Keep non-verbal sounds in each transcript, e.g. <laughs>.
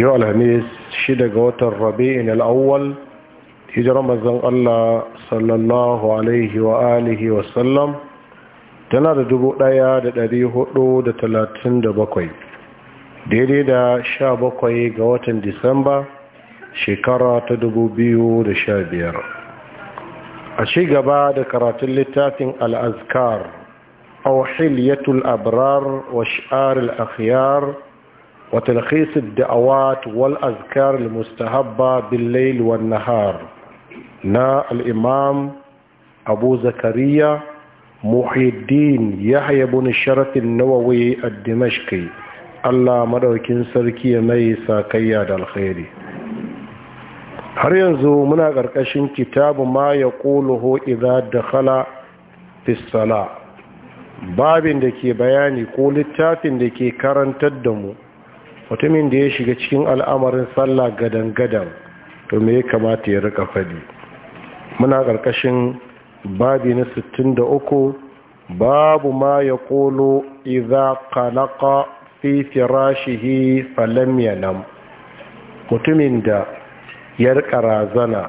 yau alhamis shida ga watan rabi'in al'awwal hijirar mazan Allah sallallahu alaihi wa alihi sallam tana da dubu ɗaya da dari hudu da talatin da bakwai daidai da sha bakwai ga watan disamba shekara ta dubu biyu da sha biyar a ci gaba da karatun littafin al'azkar a Yatul abrar wa sha'ar al'akhiyar وتلخيص الدعوات والأذكار المستهبة بالليل والنهار نا الإمام أبو زكريا محي الدين يحيى بن الشرف النووي الدمشقي Allah madaukin sarki mai sakayya da alkhairi har yanzu muna ƙarƙashin kitabu ma ya ƙuluhu idza dakhala fi sala babin da ke bayani ko littafin da ke karantar da mu mutumin da ya shiga cikin al'amarin sallah gadan-gadan to me ya kamata ya rika fadi muna ƙarƙashin babi na 63 babu ma ya ƙolo iza kalaka fi firashihi falam yanam mutumin da ya rika razana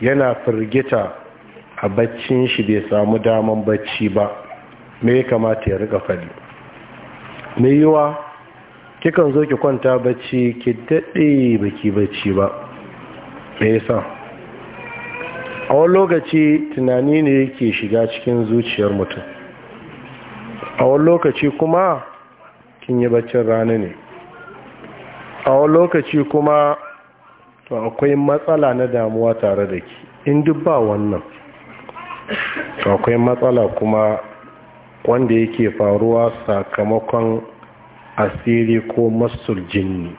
yana firgita a baccin shi bai samu daman bacci ba me ya kamata ya rika fadi mai yiwa kikan zo ki kwanta bacci ki daɗe baki bacci ba me yasa a wani lokaci tunani ne yake shiga cikin zuciyar mutum a wani lokaci kuma kin yi baccin rana ne a wani lokaci kuma to akwai matsala na damuwa tare da ki in duk ba wannan akwai matsala kuma wanda yake faruwa sakamakon asiri ko masul jinni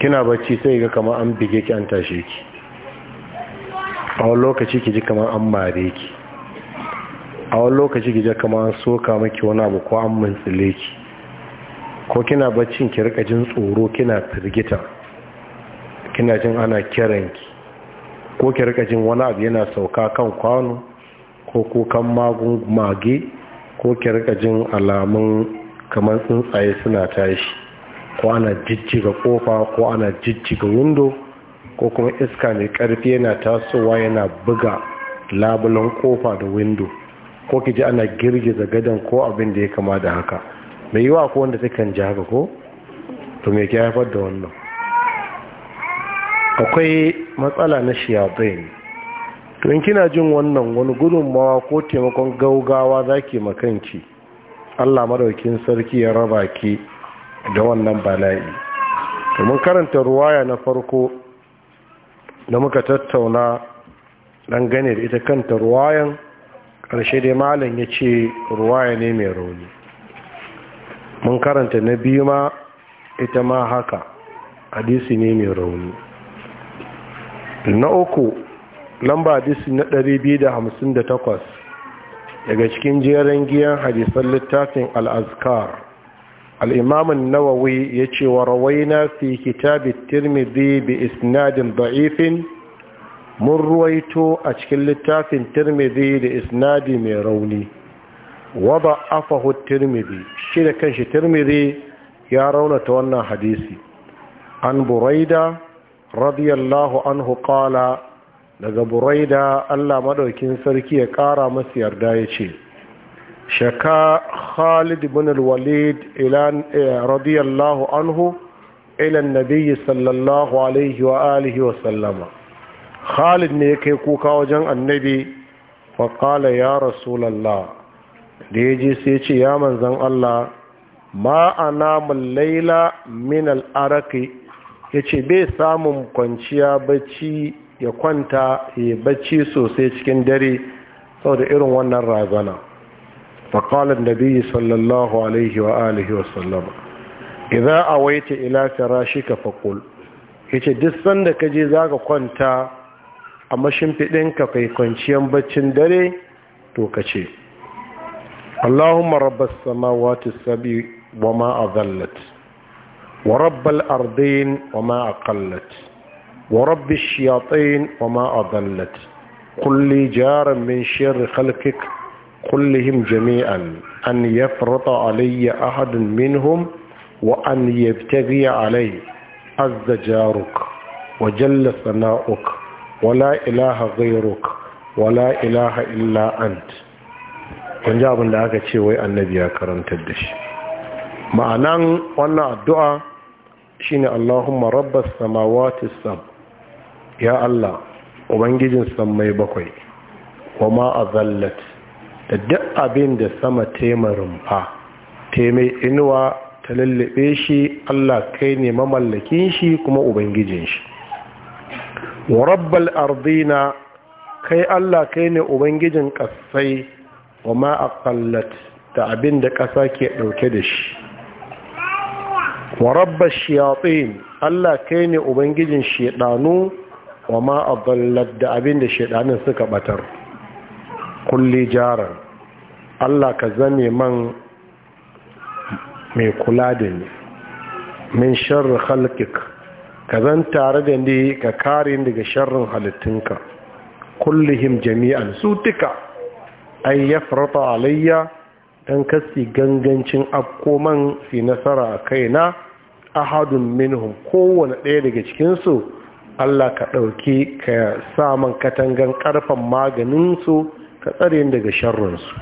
kina bacci sai ga kamar an bige ki an tashe ki a wani lokaci ki ji kamar an mare ki a wani lokaci ki ji kamar an soka maki wani abu ko an mintsile ki ko kina baccin ki rika jin tsoro kina firgita kina jin ana kiranki ko ki rika jin wani abu yana sauka kan kwano ko kukan magun mage ko ki rika jin alamun kamar tsuntsaye suna tashi ko ana jijjiga kofa ko ana jijjiga windo ko kuma iska mai karfi yana tasowa yana buga labulan kofa da windo ko ki ji ana girgiza gadon ko abin da ya kama da haka mai yiwa ko wanda sukan ji haka ko to me ke haifar da wannan akwai matsala na shiyatain to in kina jin wannan wani gudunmawa ko taimakon gaugawa za zaki makanci? Allah madaukin sarki ya raba ki da wannan bala'i Mun karanta ruwaya na farko da muka tattauna dan gane da ita kanta ruwayan ƙarshe dai malam ya ce ruwaya ne mai rauni mun karanta na biyu ma ita ma haka hadisi ne mai rauni na uku lamba hadisi na 258 daga cikin jerin giyan hadisan littafin al'azkar al'imamun nawawi ya ce wa rawaina fi kitabin tirmidhi bi isnadin da'ifin mun ruwaito a cikin littafin tirmidhi da isnadi mai rauni waba afahu tirmidhi shi da kanshi tirmidhi ya raunata wannan hadisi an buraida radiyallahu anhu kala daga burai da allah madaukin sarki ya ƙara masa yarda ya ce shaka khalid bin walid eh, radiyallahu anhu ilan nabiyyi sallallahu alaihi wa alihi wa sallama khalid ne ya kai kuka wajen annabi faƙala ya rasulullah da ya je sai ce ya manzan allah ma'ana laila min al ya ce bai samun kwanciya bacci ya kwanta ya bacci sosai cikin dare saboda irin wannan razana faƙalar biyu, sallallahu alaihi wa alihi wa sallama idan a waita ila ka faƙul ya ce duk sanda ka je za ka kwanta a mashimfiɗinka kai kwanciyar baccin dare to ka ce allahumma rabbas wata sabi wa ma azallat wa rabbal ardin wa ma kallat. ورب الشياطين وما أضلت كل جار من شر خلقك كلهم جميعا أن يفرط علي أحد منهم وأن يبتغي علي عز جارك وجل ثناؤك ولا إله غيرك ولا إله إلا أنت kun ji abin da aka ce wai annabi ya karantar da shi ma'anan wannan addu'a shine Allahumma rabbas samawati sab ya Allah ubangijin mai bakwai wa ma a zallat da duk abin da sama tema rumfa teme inuwa ta lallabe shi Allah kai ne mamallakin shi kuma ubangijin shi wa rabbal ardina kai Allah kai ne ubangijin kasai wa ma aqallat da abin da ƙasa ke ɗauke da shi wa rabbar Allah kai ne ubangijin ɗanu. wa ma adallat da abin da shaidanin suka ɓatar kulli jaran Allah ka zame man mai kula da ni min sharri halkik ka zan tare da ni ka kare ni daga sharrin halittunka him jami'an su duka ya yafrata alayya dan kasi gangancin afkoman fi nasara a kaina ahadun minhum kowane ɗaya daga cikinsu Allah ka ɗauki ka saman katangan ƙarfan maganinsu ka tsare daga sharrunsu.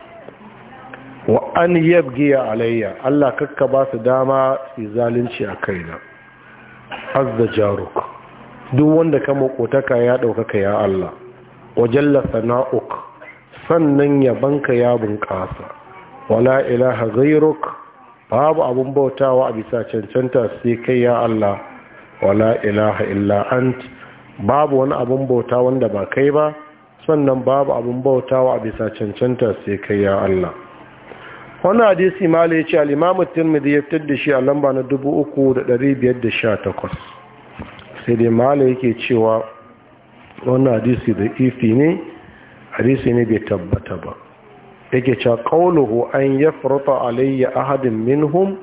wa an yabgiya alayya Allah kakka ba su dama su zalunci a kaina azza jaruk duk wanda ka makotaka ya ɗaukaka ya Allah wa jalla sana'uk sannan yabanka ya bunƙasa wala ilaha ghayruk babu abin bautawa a bisa cancanta sai kai ya Allah wala ilaha illa ant babu wani abin bauta wanda ba kai ba sannan babu abun bauta a bisa cancanta sai kai ya Allah wani hadisi mala ya ce al'imamu tirmidhi ya fitar da shi a lamba na 3,518 sai dai mala yake cewa wani hadisi da ifi ne hadisi ne bai tabbata ba yake cewa kauluhu an ya furta alayya ahadin minhum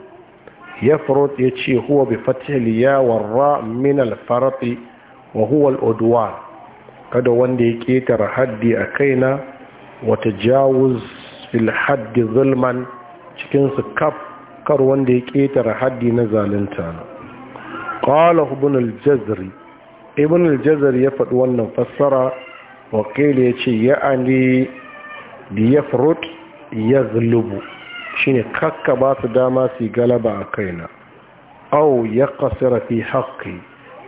يفرط يتشي هو بفتح الياء والراء من wa huwal الأدوان kada wanda ya ketara haddi a kaina wata jawuz fil haddi cikinsu kaf kar wanda ya ketara haddi na zalunta na ƙwala ibn al ibn al ya faɗi wannan fassara wakil ya ce ya'ani da ya furut ya zulubu shine kakka ba su dama su galaba a kaina au ya kasira fi haƙƙi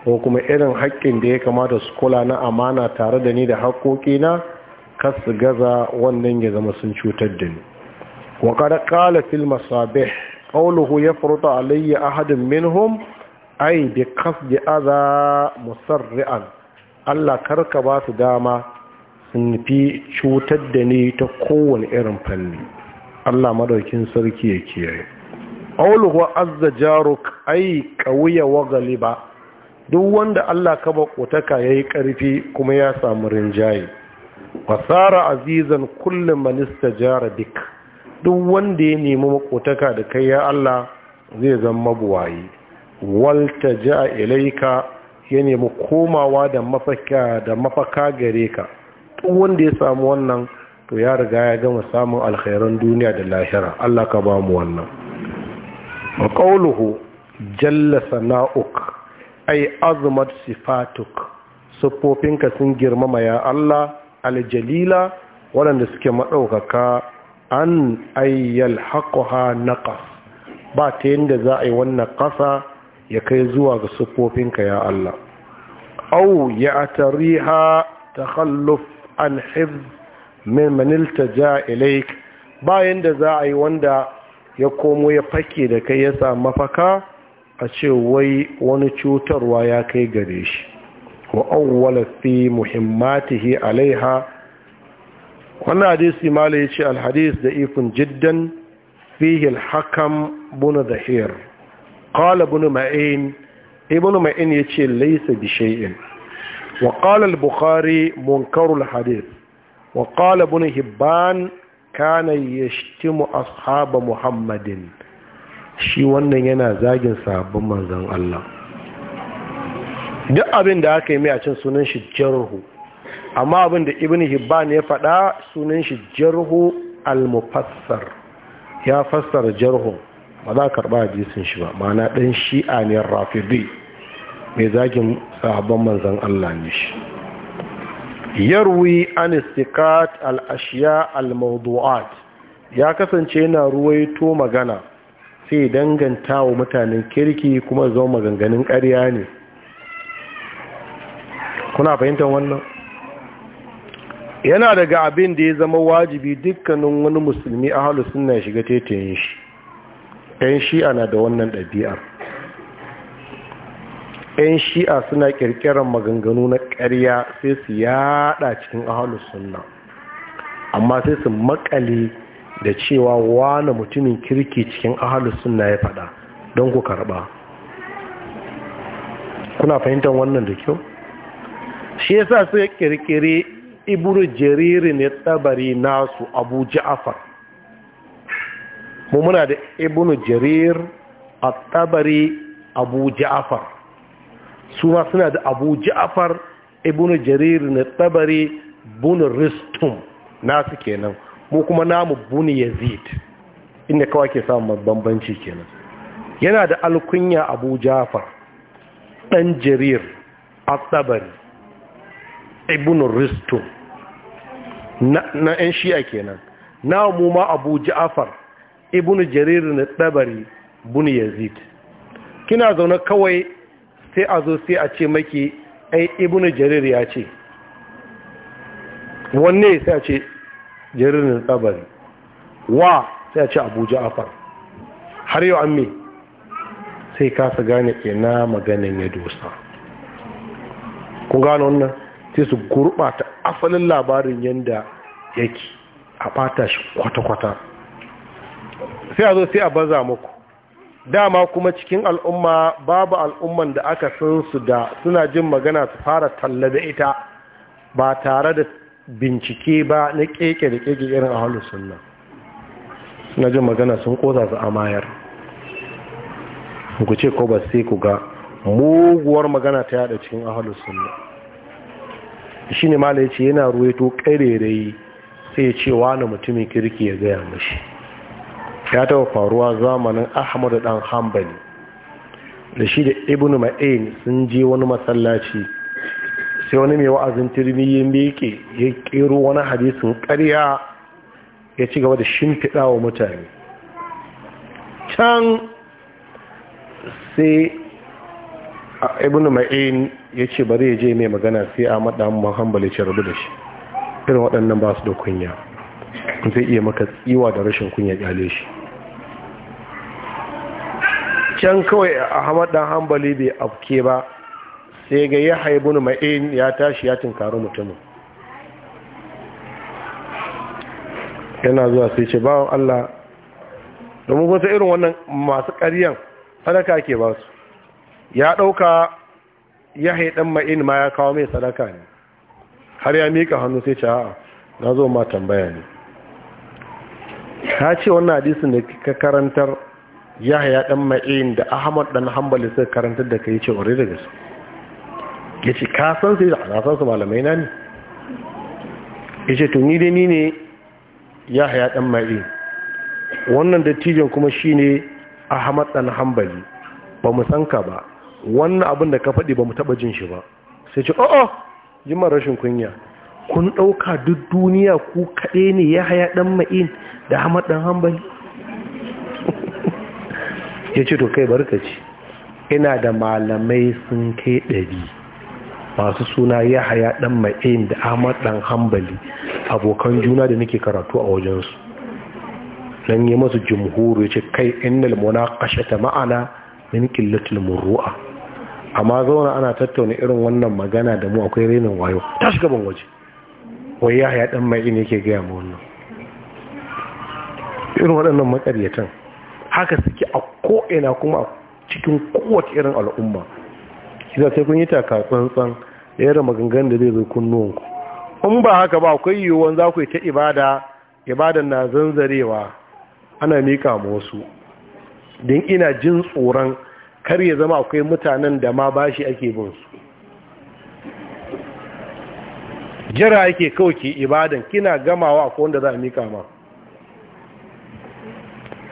ko kuma irin haƙƙin da ya kamata su kula na amana tare da ni da haƙoƙina na? su gaza wannan ya zama sun cutar da ni wa kada kala fil masabih a yafrutu alayya ahadun minhum ay bi qasdi adha musarri'an Allah karka ba su dama sun fi cutar da ni ta kowane irin fanni Allah madaukin sarki ya kiyaye qawluhu azza jaruk ay qawiya wa galiba duk wanda Allah ka ya yayi ƙarfi kuma ya samu rinjaye wasara azizan kullum man istajara bik duk wanda ya nemi makotaka da kai ya Allah zai zama mabuwayi a ilaika ya nemi komawa da mafaka da mafaka gare ka duk wanda ya samu wannan to ya riga ya gama samun alkhairan duniya da lahira Allah ka ba mu wannan wa qawluhu jalla sana'uk ay azmat sifatuk sufofinka sun girmama ya Allah aljalila waɗanda suke maɗaukaka an ayyal haqqaha naƙas ba ta yadda za a yi wannan ƙasa ya kai zuwa ga sufofinka ya Allah au ya atariha takhalluf an hifz ta ja ilaik bayan da za a yi wanda ya komo ya fake da kai ya mafaka a ce wai wani cutarwa ya kai gare shi wa awwala fi muhimmatihi alaiha wannan hadisi ya yace alhadis da ifin jiddan fihil hakam bunu dahir qala bunu ma'in ibnu ma'in yace laysa bi shay'in wa qala al-bukhari munkarul hadith وقال ابن ibn كان يشتم yashtimu محمد muhammadin shi wannan yana zagin sabon manzon Allah duk abin da aka yi mai a cin sunan shi jarhu amma abin da ibn hibban ya faɗa sunan shi jarhu al-mufassar ya fassara jarhu ba za ka karɓa hadisin shi ba ma'ana ɗan shi'a ne rafidi mai zagin sahabban manzon Allah ne shi yarwi an istiqat al-ashiya al-mawdu'at ya kasance yana ruwaito magana sai danganta wa mutanen kirki kuma zama maganganun ƙarya ne kuna fahimtar wannan yana daga abin da ya zama wajibi dukkanin wani musulmi a halittun na shiga tetayen shi ɗan shi ana da wannan ɗabi'ar 'yan shi'a suna ƙirƙirar maganganu na ƙarya sai su yada cikin ahalus sunna amma sai su makale da cewa wani mutumin kirki cikin ahalus sunna ya fada don ku karba kuna fahimtar wannan da kyau shi yasa suka ƙirƙiri ibru jariri ne tsabari nasu abu ja'afar mu muna da ibnu jarir at-tabari abu ja'afar su suna da abu ja'afar ibn jarir na tabari bun ristum nasu kenan mu kuma namu bun yazid inda kawai ke samun bambanci kenan yana da alkunya abu ja'afar dan jarir a tabari ibn ristum na 'yan shi'a kenan na mu ma abu ja'afar ibn jarir na tabari bun yazid kina zaune kawai sai a zo sai a ce maki ai ibn jarir ya ce wanne sai a ce jaririn tsabari wa sai a ce abuja afar har yau an me sai kasa gane ina maganin ya dosa kun gano wannan sai su gurɓata asalin labarin yadda yake a ɓata shi kwata-kwata sai a zo sai a baza muku dama kuma cikin al'umma babu al'umman da aka san su da suna jin magana su fara talla da ita ba tare da bincike ba na keke da keke irin a halin suna suna jin magana sun koza su amayar ku ce ko sai ku ga muguwar magana ta yada cikin ahalus sunna shine malai ce yana ruwaito karerai sai ya ce wani mutumin kirki ya gaya mashi ya taɓa faruwa zamanin ahmad dan hambali da shi da ibn ma'in sun je wani masallaci sai wani mai wa'azin turmi ya miƙe ya ƙero wani hadisin karya ya ci gaba da shimfiɗa wa mutane can sai ibn ma'in ya ce bari ya je mai magana sai a maɗa muhammadu ya ce rabu da shi irin waɗannan ba su da kunya zai iya maka tsiwa da rashin kunya kyale shi can kawai ahmad dan hambali bai afke ba sai ga ya haibu ma'in ya tashi ya tinkari mutumin yana zuwa sai ce bawon allah domin wata irin wannan masu ƙaryan sadaka ke ba su ya ɗauka ya haidan ma'in ma ya kawo mai sadaka ne har ya mika hannu sai ce a'a na zo ma tambaya ne ka ce wannan hadisin da ka karantar yahaya dan ma'in da ahmad dan hanbali suka karantar da kai ce ore daga su yace ka san sai da san su malamai na ne yace to ni dai ni ne yahaya dan ma'in wannan dattijan kuma shine ahmad dan hanbali ba mu san ka ba wannan abin da ka faɗi ba mu taɓa jin shi ba sai ce o'o oh, oh, jimar rashin kunya kun ɗauka duk duniya ku kaɗe ne ya haya ɗan ma'in da hamad ɗan hambali <laughs> ya ce to kai barkaci ina da malamai sun kai ɗari masu suna ya haya ɗan ma'in da hamad ɗan hambali abokan juna da nake karatu a wajensu nan yi masu jimhuru ya ce kai innal munaqashata ma'ana min killatul murru'a amma zauna ana tattauna irin wannan magana da mu akwai renin wayo Ta gaban waje wai ya haya ɗan mai ne ke gaya wannan irin waɗannan makaryatan haka suke a ko'ina kuma a cikin kowace irin al'umma kisa sai kun yi taka tsantsan da yadda maganganun da zai zo kunnuwanku in ba haka ba akwai yiwuwan za ku yi ta ibada ibadan na zanzarewa ana mika ma wasu don ina jin tsoron kar ya zama akwai mutanen da ma bashi ake bin su jira yake kawai ke ibadan kina gamawa ko wanda za a mika ma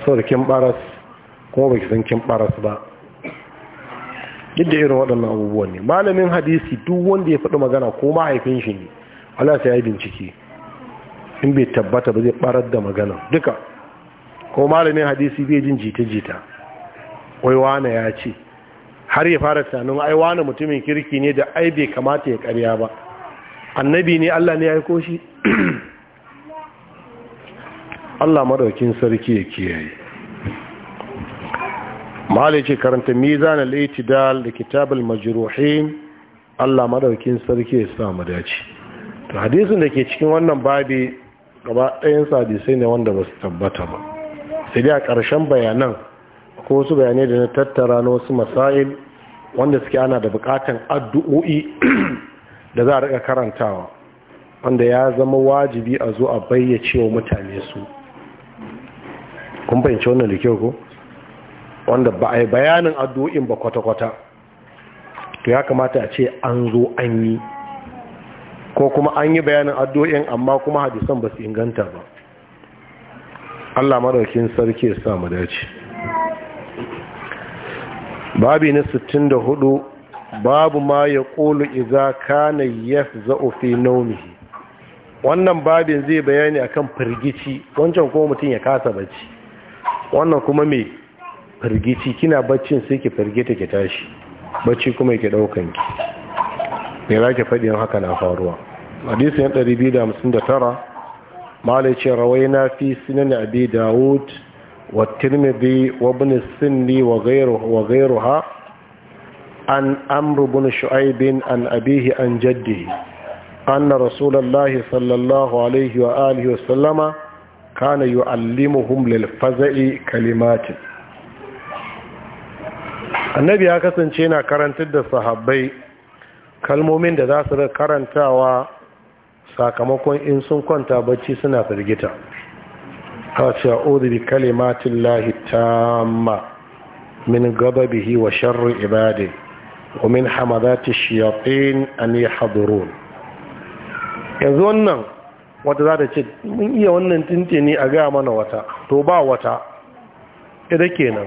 so da kin baras kuma baki san kin baras ba duk da irin waɗannan abubuwan ne malamin hadisi duk wanda ya faɗi magana ko mahaifin shi ne Allah sai ya bincike in bai tabbata ba zai barar da magana duka ko malamin hadisi bai jin jita-jita wai wane ya ce har ya fara tunanin ai wane mutumin kirki ne da ai bai kamata ya karya ba annabi ne Allah ne ya aiko shi <clears throat> Allah madaukin sarki ya kiyaye Mali ce karanta mizan al-itidal da kitab al-majruhin Allah madaukin sarki ya sa mu dace to hadisin da ke cikin wannan babi gaba ɗayan hadisai ne wanda ba su tabbata ba sai dai a ƙarshen bayanan ko su bayane da na tattara na wasu masail wanda suke ana da buƙatan addu'o'i <clears throat> da za a rika karantawa wanda ya zama wajibi a zo a bayyace wa mutane su kun fahimci wannan da kyau ko wanda ba a yi bayanin addu'o'in ba kwata-kwata to ya kamata a ce an zo an yi ko kuma an yi bayanin addu'o'in amma kuma hadisan ba su inganta ba Allah maraukin sarki ya sa mu dace babi na 64 babu ma ya ƙulu iza kana ya za'ufi naumihi wannan babin zai bayani akan firgici wancan kuma mutum ya kasa bacci wannan kuma mai firgici kina baccin sai ki firgita ki tashi bacci kuma ki daukan ki me za ki faɗi yin haka na faruwa hadisin 259 malai ce rawaina fi sunan abi dawud wa tirmidhi wa ibn sinni wa ghayruha عن عمرو بن شعيب عن أبيه عن جده أن رسول الله صلى الله عليه وآله وسلم كان يعلمهم للفزع كلمات annabi ya kasance yana karantar da sahabai kalmomin da za su karantawa sakamakon in sun kwanta bacci suna firgita a cewa bi kalimatin lahi tamma min gababihi wa sharri ibadin ومن حمدات الشياطين أن يحضرون يزوننا wata za ta ce mun iya wannan tintini a gaya mana wata to ba wata ita kenan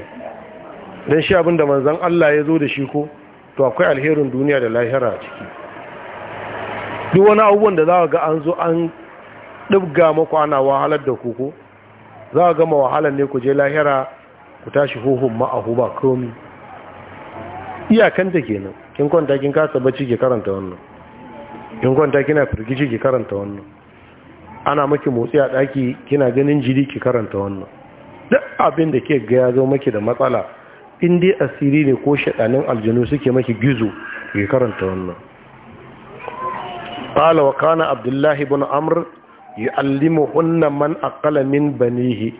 don shi abinda manzan Allah ya zo da shi ko to akwai alherin duniya da lahira a ciki duk wani abubuwan da za ka ga an zo an ɗibga maku ana wahalar da ku ko, za ka gama wahalar ne ku je lahira ku tashi huhun ma'ahu ba komi iyakanta kenan kin kwanta kin kasa bacci ki karanta wannan kin kwanta kina firgici ki karanta wannan ana maki motsi a daki kina ganin jiri ki karanta wannan duk abin da ke ga ya zo maki da matsala in dai asiri ne ko shaɗanin aljanu suke maki gizo ki karanta wannan Ƙala wa kana abdullahi ibn amr yu'allimuhunna man aqala min banihi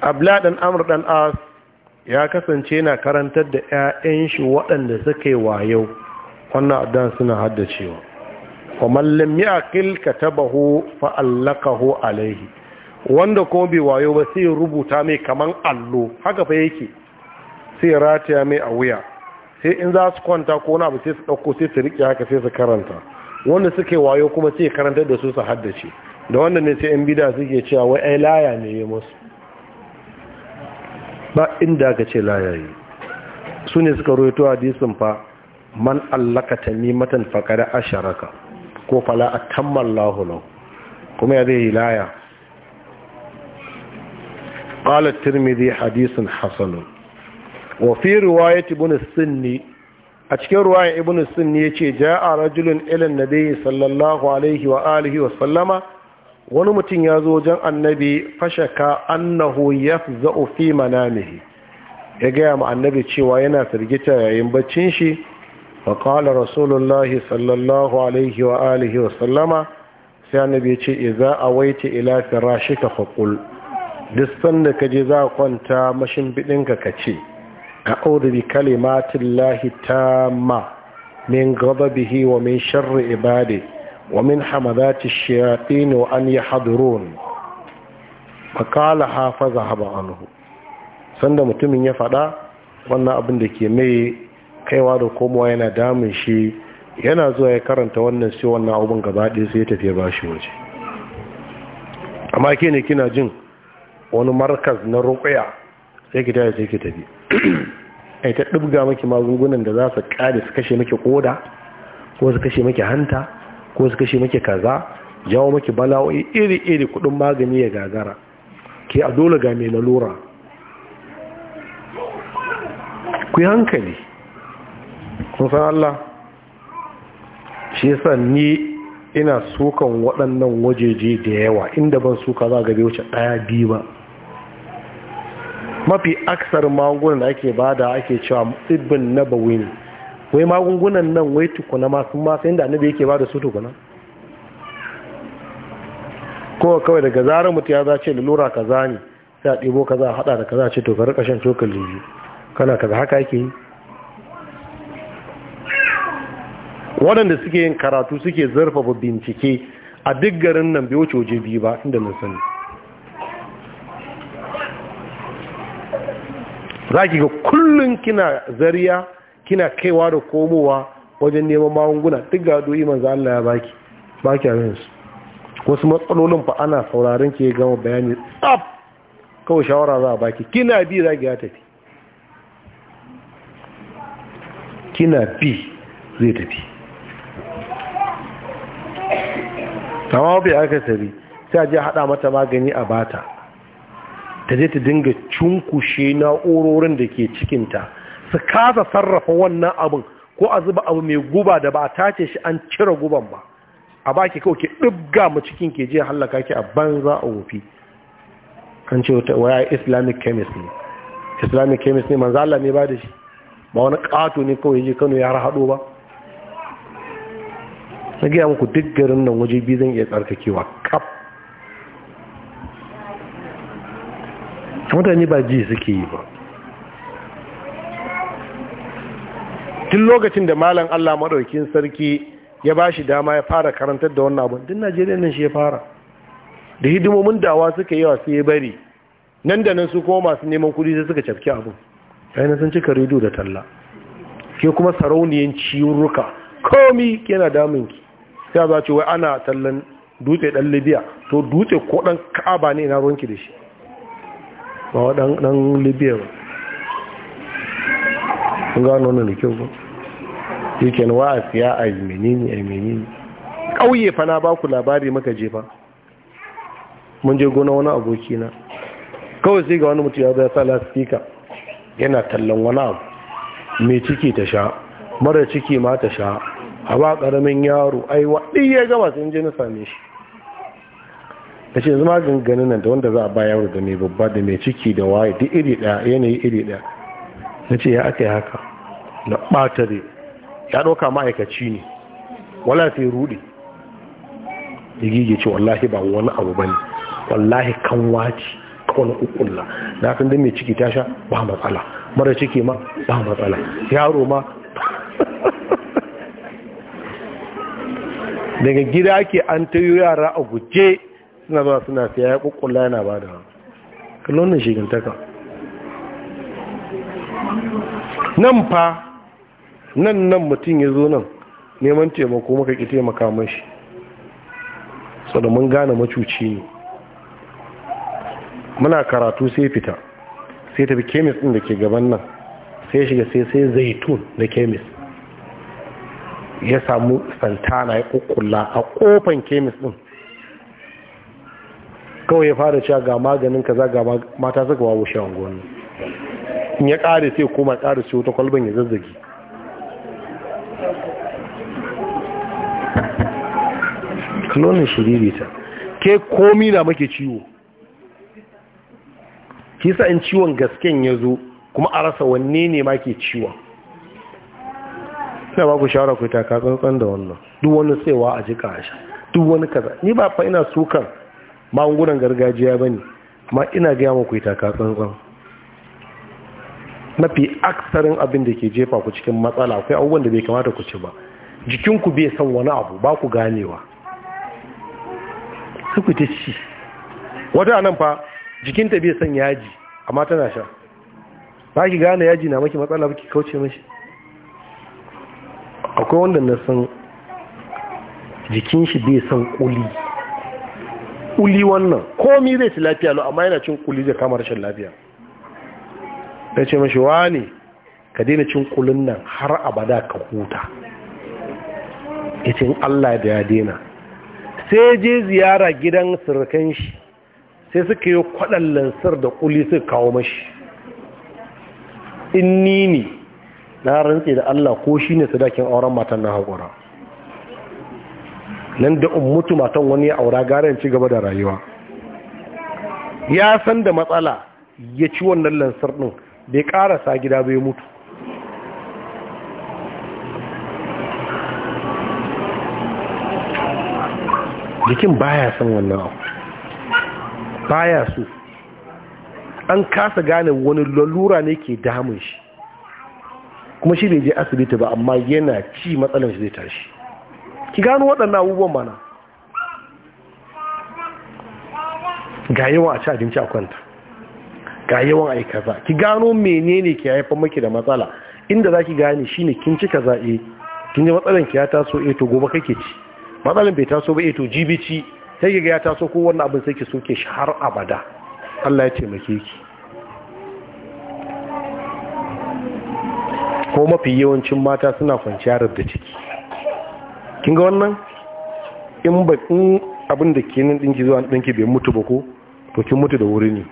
abla dan amr dan as ya kasance na karantar da 'ya'yan shi waɗanda suke wayo wannan addan suna haddacewa wa mallam ya kilka tabahu fa'allakahu alaihi wanda ko bai wayo ba sai rubuta mai kaman allo haka fa yake sai rataya mai a wuya sai in za su kwanta ko na abu sai su dauko sai su riƙe haka sai su karanta wanda suke wayo kuma sai karantar da su su haddace da wanda ne sai yan bida suke cewa wai ai laya ne ya musu ba inda aka ce layayi su ne suka roito hadisun fa man allakata nimatan fakari a sharaka ko fala a tamman lahunan kuma ya zai laya ƙalar tirmidhi hadisun ruwa ya ci ibn sunni, a cikin ruwa ruwayat ibn sunni ya ce a rajulun ilin nabi sallallahu alaihi wa alihi wasallama wani mutum ya zo wajen annabi fashaka annahu yafza'u fi manamihi ya gaya ma annabi cewa yana firgita yayin baccin shi fa qala rasulullahi sallallahu alaihi wa alihi wa sallama sai annabi ya ce a waita ila firashika faƙul duk sanda ka je za a kwanta mashin bidinka ka ce a kalimatin bi ta ma min gaba bihi wa min sharri ibadai ومن حمدات الشياطين وأن يحضرون حافظ فذهب عنه sanda mutumin ya faɗa wannan abin da ke mai kaiwa da komowa yana damun shi yana zuwa ya karanta wannan shi wannan abin gaba sai ya tafi ba shi waje amma ke kina jin wani markaz na rukuya sai ki tafi sai ki tafi ai ta ɗubga maki magungunan da za su kare su kashe maki koda ko su kashe maki hanta ko su kashe maki kaza jawo maki bala'o'i iri-iri kudin magani ya gagara ke a dole ga mai lalura ku yi hankali kun san Allah shi yasa ni ina sukan waɗannan wajeje da yawa inda ban suka za ga wuce ɗaya biyu ba mafi aksar magunan da ake bada ake cewa tsibbin na bawini. wai magungunan nan wai tukuna masu masu inda annabi yake ba da su tukuna kowa kawai daga zarar mutu ya zace lura kaza ne sai a ɗibo kaza a haɗa da kaza ce to ka rika shan cokali biyu kana kaza haka yake yi waɗanda suke yin karatu suke zarfafa bincike a duk garin nan bai wuce waje biyu ba inda mun sani za ki ga kullum kina zariya kina kaiwa da komowa wajen neman magunguna duk ga doyi manzo Allah ya baki baki a yanzu wasu matsalolin fa ana sauraron ke gama bayani tsaf kawai shawara za a baki kina bi za ki ya tafi kina bi zai tafi amma bai aka sari sai a je haɗa mata magani a bata ta je ta dinga cunkushe na'urorin da ke cikinta su kasa sarrafa wannan abin ko a zuba abu mai guba da ba a tace shi an cire guban ba a baki kawai ke ɗubga mu cikin ke jiya hallaka ki a banza a wofi an ce wata waya islamic chemist ne islamic chemist ne manzo Allah ne ba da shi ba wani ƙato ne kawai je Kano ya hado ba na gaya muku duk garin nan waje biyu zan iya tsarkakewa kaf mutane ba ji suke yi ba tun lokacin da malam Allah maɗaukin sarki ya ba shi dama ya fara karantar da wannan abun din Najeriya nan shi ya fara da hidimomin dawa suka yawa sai ya bari nan da nan su kuma masu neman kuɗi sai suka cafke abu ainihin sun cika rediyo da talla ke kuma sarauniyan ciwurruka komi yana daminki, sai za ce wai ana tallan dutse ɗan libya to dutse ko ɗan ka'aba ne na ruwanki da shi ba waɗannan libya ba kun gano wannan da kyau ba yake na wa siya a yi menene a yi menene ƙauye fa ba ku labari maka je fa mun je gona wani aboki na kawai sai ga wani mutum ya zai sa lasifika yana tallan wani abu mai ciki ta sha mara ciki ma ta sha a ba ƙaramin yaro aiwa ɗin ya gaba sun je na same shi da ce zama ganganin nan da wanda za a ba yaro da mai babba da mai ciki da waye duk iri ɗaya yanayi iri ɗaya na ce ya aka yi haka na ɓata ɓatare ya ɗauka ma'aikaci ne wala sai rudi da gige ce wallahi ba wani abu ba ne wallahi kan waci kawai ukulla na san mai ciki ta sha ba matsala mara ciki ma ba matsala yaro ma <laughs> daga gida ake an yi yara a guje suna zuwa suna fiye ya kukulla yana ba da kallon shigantaka nan fa nan nan mutum ya zo nan neman taimako maka ki taimaka mashi saboda mun gane macuci ne muna karatu sai fita sai tafi kemis ɗin da ke gaban nan sai shiga sai sai zaitun da kemis ya samu santana ya kukkulla a ƙofan kemis ɗin kawai ya fara cewa ga maganin kaza ga mata suka wawo shawon gwanin in ya kare sai koma kare sai wata kwalban ya zazzage kalonin ta ke komi na muke ciwo kisa in ciwon gasken ya zo kuma a rasa wanne ne ma ke ciwon sai ba ku shawara ku ta katsantsan da wannan duk wani tsewa a jika a sha duk wani kaza ni ba fa ina sukan magungunan gargajiya ba ne amma ina gaya muku ta katsantsan mafi aksarin abin da ke jefa ku cikin matsala akwai abubuwan da bai kamata ku ci ba jikinku bai san wani abu ba ku ganewa suku ta ci wata nan fa jikinta bai son yaji amma tana sha ba ki gane yaji na maki matsala ba ki kauce mashi akwai wanda na san jikin shi bai son kuli kuli wannan komi zai ci lafiya lo amma yana cin kuli zai kama rashin lafiya ta ce mashi ne ka daina cin kulin nan har abada ka huta ya ce allah da ya daina sai je ziyara gidan surukan shi sai suka yi kwaɗan lansar da ƙuli suka kawo mashi in ni ne na rantse da Allah ko shi ne sadakin auren matan na haƙura nan da mutu matan wani ya aura gara ci gaba da rayuwa ya san da matsala ya ci wannan lansar ɗin bai ƙarasa gida bai mutu jikin baya son wannan abu baya so an kasa gane wani lalura ne ke damun shi kuma shi bai je asibiti ba amma yana ci matsalar shi zai tashi ki gano waɗannan abubuwan mana ga yawan a ci abinci a kwanta ga yawan a yi kaza ki gano menene ke haifar maki da matsala inda za ki gane shi ne kin cika kaza eh. kin ji matsalar ki ya taso e to gobe kake ci matsalin bai taso ba eh to jibici sai ga ya taso ko wannan abin sai ki soke shi har abada Allah ya taimake ki ko mafi yawancin mata suna kwanciya rabda ciki kin ga wannan in ba in abin da kenan dinki zuwa dinki bai mutu ba ko to kin mutu da wuri ne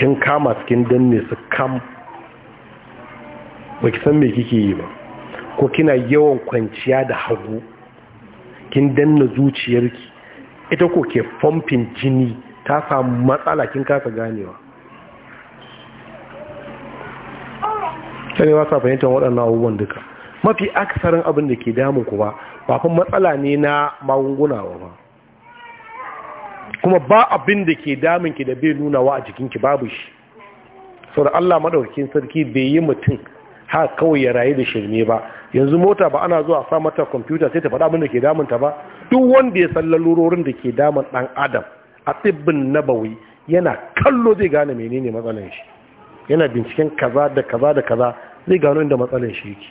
kin kama cikin danne su kam ba ki san me kike yi ba ko kina yawan kwanciya da hagu kin danna zuciyarki ita ko ke fomfin jini ta samu matsala kin kasa ganewa sai ba sa fahimtar waɗannan abubuwan duka mafi aksarin abin da ke damun ku ba ba matsala ne na magunguna ba kuma ba abin da ke damunki da bai nunawa a jikinki babu shi sau da Allah madaukakin sarki bai yi mutum ha kawai ya rayu da shirme ba yanzu mota ba ana zuwa sa mata kwamfuta sai ta faɗa abin da ke damunta ba duk wanda ya san lalurorin da ke damun ɗan adam a tsibbin nabawi yana kallo zai gane menene matsalar shi yana binciken kaza da kaza da kaza zai gano inda matsalar shi yake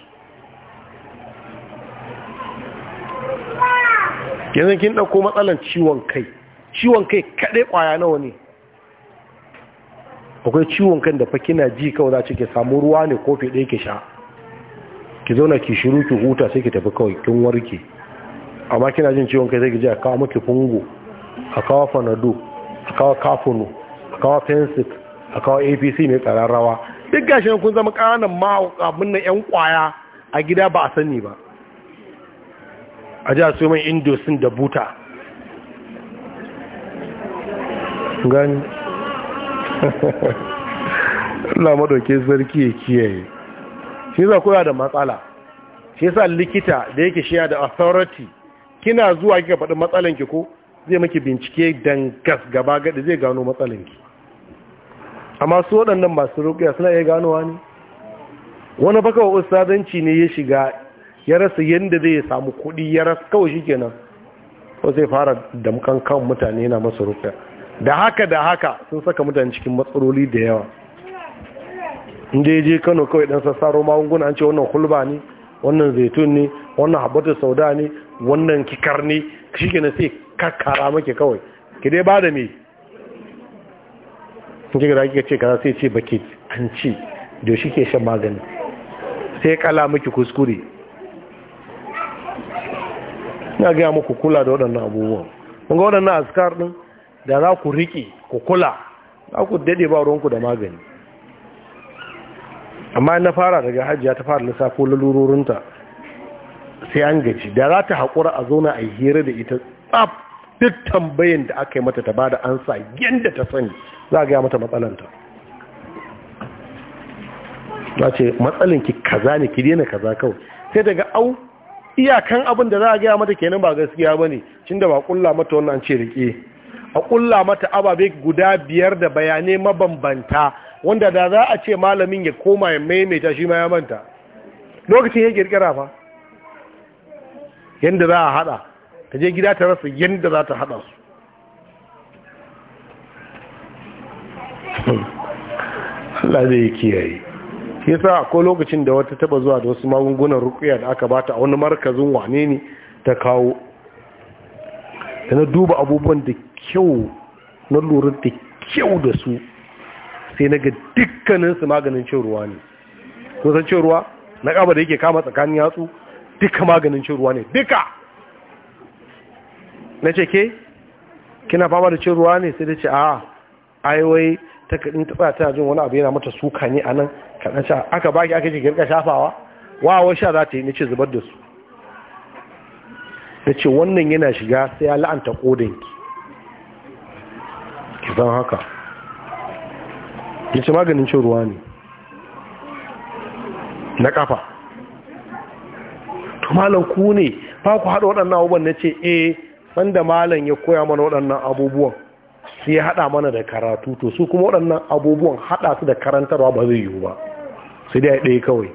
yanzu kin ɗauko matsalar ciwon kai ciwon kai kaɗai ƙwaya nawa ne akwai ciwon kan da fa kina ji kawai za ke samu ruwa ne kofi ɗaya ki sha ki zauna ki shiru ki huta sai ki tafi kawai kin warke amma kina jin ciwon kai sai ki je a kawo miki fungo a kawo fanado a kawo kafuno a kawo fensik a kawo apc mai rawa duk gashi kun zama ƙananan ma abin nan yan kwaya a gida ba a sani ba a ji a so da buta gani Allah madauke sarki ya kiyaye shi za ku da matsala shi sa likita da yake shiya da authority kina zuwa kika faɗi ki ko zai maki bincike dan gas gaba gadi zai gano ki. amma su waɗannan masu ruƙiya suna iya ganowa ne wani baka wa ustazanci ne ya shiga ya rasa yadda zai samu kuɗi ya rasa kawai shi kenan ko zai fara damkan kan mutane na masu ruƙiya da haka da haka sun saka mutane cikin matsaloli da yawa inda ya je kano kawai dan sassaro magunguna an ce wannan hulba ne wannan zaitun ne wannan habbatu sauda ne wannan kikar ne shi ke na sai kakkara maki kawai ki dai ba da me kika da kika ce kaza sai ce baki an ci da shi ke shan magani sai kala maki kuskure na gaya muku kula da waɗannan abubuwan mun ga waɗannan askar da za ku riƙe ku kula za ku daɗe ba ruwanku da magani amma na fara daga hajiya ta fara lissafo lalurorinta sai an gaji da za ta haƙura a zauna a yi hira da ita tsaf duk tambayin da aka yi mata ta bada ansa yadda ta sani za a gaya mata matsalanta za ce ki kaza ne ki daina kaza kawai sai daga au iyakan abin da za a gaya mata kenan ba gaskiya ba ne cin da ba kulla mata wannan ce rike a kulla mata ababe guda biyar da bayanai mabambanta wanda da za a ce malamin ya koma ya maimaita shi ma ya manta lokacin ya kirkira fa yadda za a hada ta je gida ta rasa yadda za ta hada su Allah zai kiyaye yasa akwai lokacin da wata taba zuwa da wasu magungunan rukuya da aka bata a wani markazin wane ne ta kawo da na duba abubuwan da kyau na lura da kyau da su sai na ga dukkaninsu maganin cin ne kusan cin ruwa na ƙaba da yake kama tsakanin yatsu duka maganin cin ne duka na ce ke kina fama da cin ruwa ne sai da ce a aiwai ta ta jin wani abu yana mata suka ne a nan kaɗan sha aka baki aka ce girka shafawa wawa sha za ta yi na ce zubar da su na ce wannan yana shiga sai ya la'anta ƙodanki don haka ya maganin cin ruwa ne na kafa to malam ku ne fa ku haɗa waɗannan abubuwan na ce eh wanda malam ya koya mana waɗannan abubuwan sai ya hada mana da karatu to su kuma waɗannan abubuwan haɗa su da karantarwa ba zai yiwu ba sai dai ɗaya kawai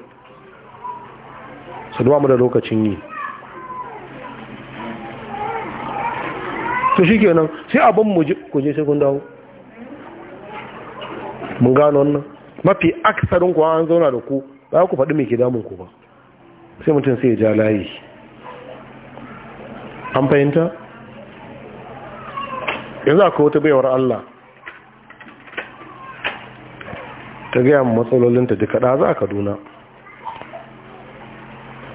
su mu da lokacin yi to shi kenan sai abin mu je sai kun dawo mun gano wannan mafi aksarin kuwa an zauna da ku ba ku faɗi mai ke damun ku ba sai mutum sai ya ja layi an fahimta yanzu akwai wata baiwar Allah ta gaya matsalolinta duka ɗaza a kaduna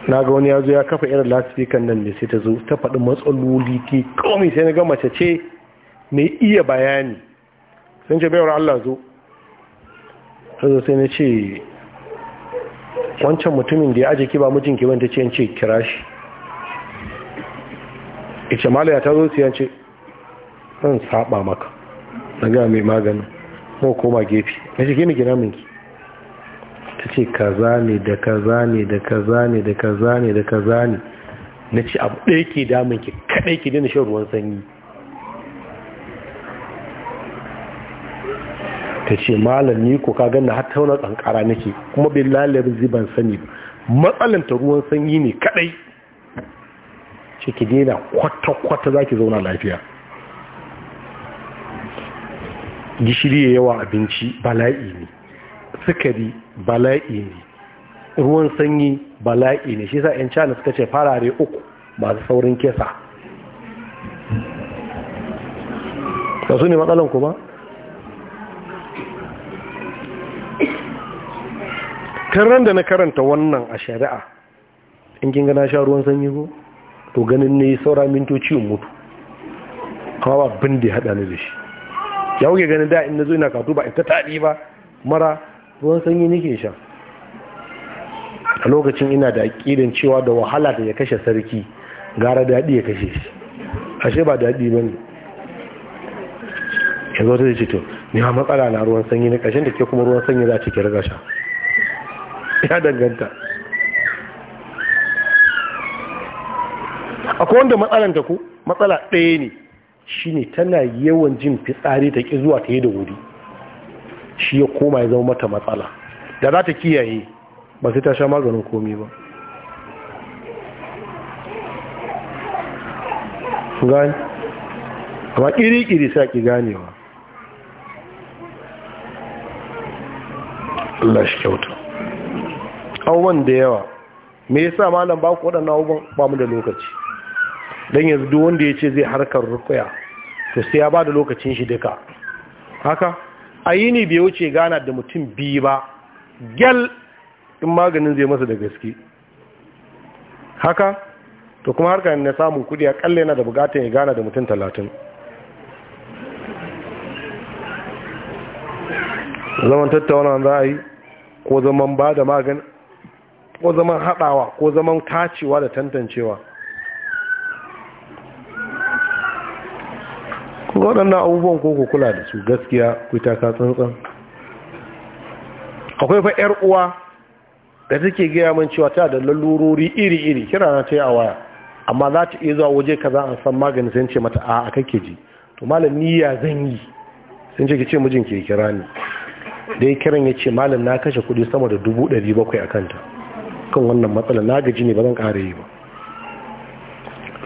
na ga wani ya zo ya kafa irin latifikan nan ne sai ta zo ta faɗi matsaloli ke komai sai na ga mace ce mai iya bayani sun ce bayar Allah zo ta zo sai na ce wancan mutumin da ya aje ki ba mijinki wanda ce ce kira shi ice ya ta zo siya ce zan saba maka na ga mai maganin ko koma gefe na shi gina gina minki ta ce kaza ne da kaza ne da kaza ne da kaza ne da kaza ne na ce abu ɗaya ke damun ki kaɗai ki dina shan ruwan sanyi ta ce malam ni ko ka ganna har wani tsankara nake kuma bin lalabin ziban sani matsalanta ruwan sanyi ne kaɗai ce ki dina kwata-kwata za ki zauna lafiya gishiri yawa abinci bala'i ne sukari bala'i ne ruwan sanyi bala'i ne shi sa 'yan china suka ce farare uku masu saurin kesa ka su ne matsalan kuma ran da na karanta wannan a shari'a in kin gana sha ruwan sanyi ko to ganin ne saura mintoci mutu kawo abin da ya haɗa ni da shi ya wuke ganin da in na zo ina katu ba in ta taɗi ba mara ruwan sanyi nake sha a lokacin ina da aƙidan cewa da wahala da ya kashe sarki gara daɗi ya kashe shi ashe ba daɗi ba ne ya zo ta ce to ni ha matsala na ruwan sanyi na ƙashin da ke kuma ruwan sanyi za a cikin riga sha ya danganta akwai wanda ta ku matsala ɗaya ne shine tana yawan jin fitsari ta ƙi zuwa ta yi da wuri shi ya koma ya zama mata matsala da za ta kiyaye ba sai ta sha maganin komi ba gani amma kiri-kiri sa ki ganewa Allah shi kyauta abubuwan da yawa me yasa malam ba ku waɗannan abubuwan ba mu da lokaci don yanzu duk wanda ya ce zai harkar rukuya to sai ya ba da lokacin shi duka haka a yi ne bai wuce gana da mutum biyu ba gyal in maganin zai masa da gaske haka to kuma harka na samun kudi a kalle yana da bukatar ya gana da mutum talatin zaman tattauna za a yi ko zaman ba da magani ko zaman haɗawa ko zaman tacewa da tantancewa waɗannan abubuwan ko ku kula da su gaskiya ku ta ka tsantsan akwai fa yar uwa da take gaya min cewa ta da lalurori iri-iri kira na ta a waya amma za ta iya zuwa waje kaza an san magani sai ce mata a kake ji to malam niyya zan yi sun ce ki ce mijin ke kira ni da kiran ya ce malam na kashe kuɗi sama da dubu ɗari bakwai a kanta kan wannan matsala na gaji ne ba zan ƙara yi ba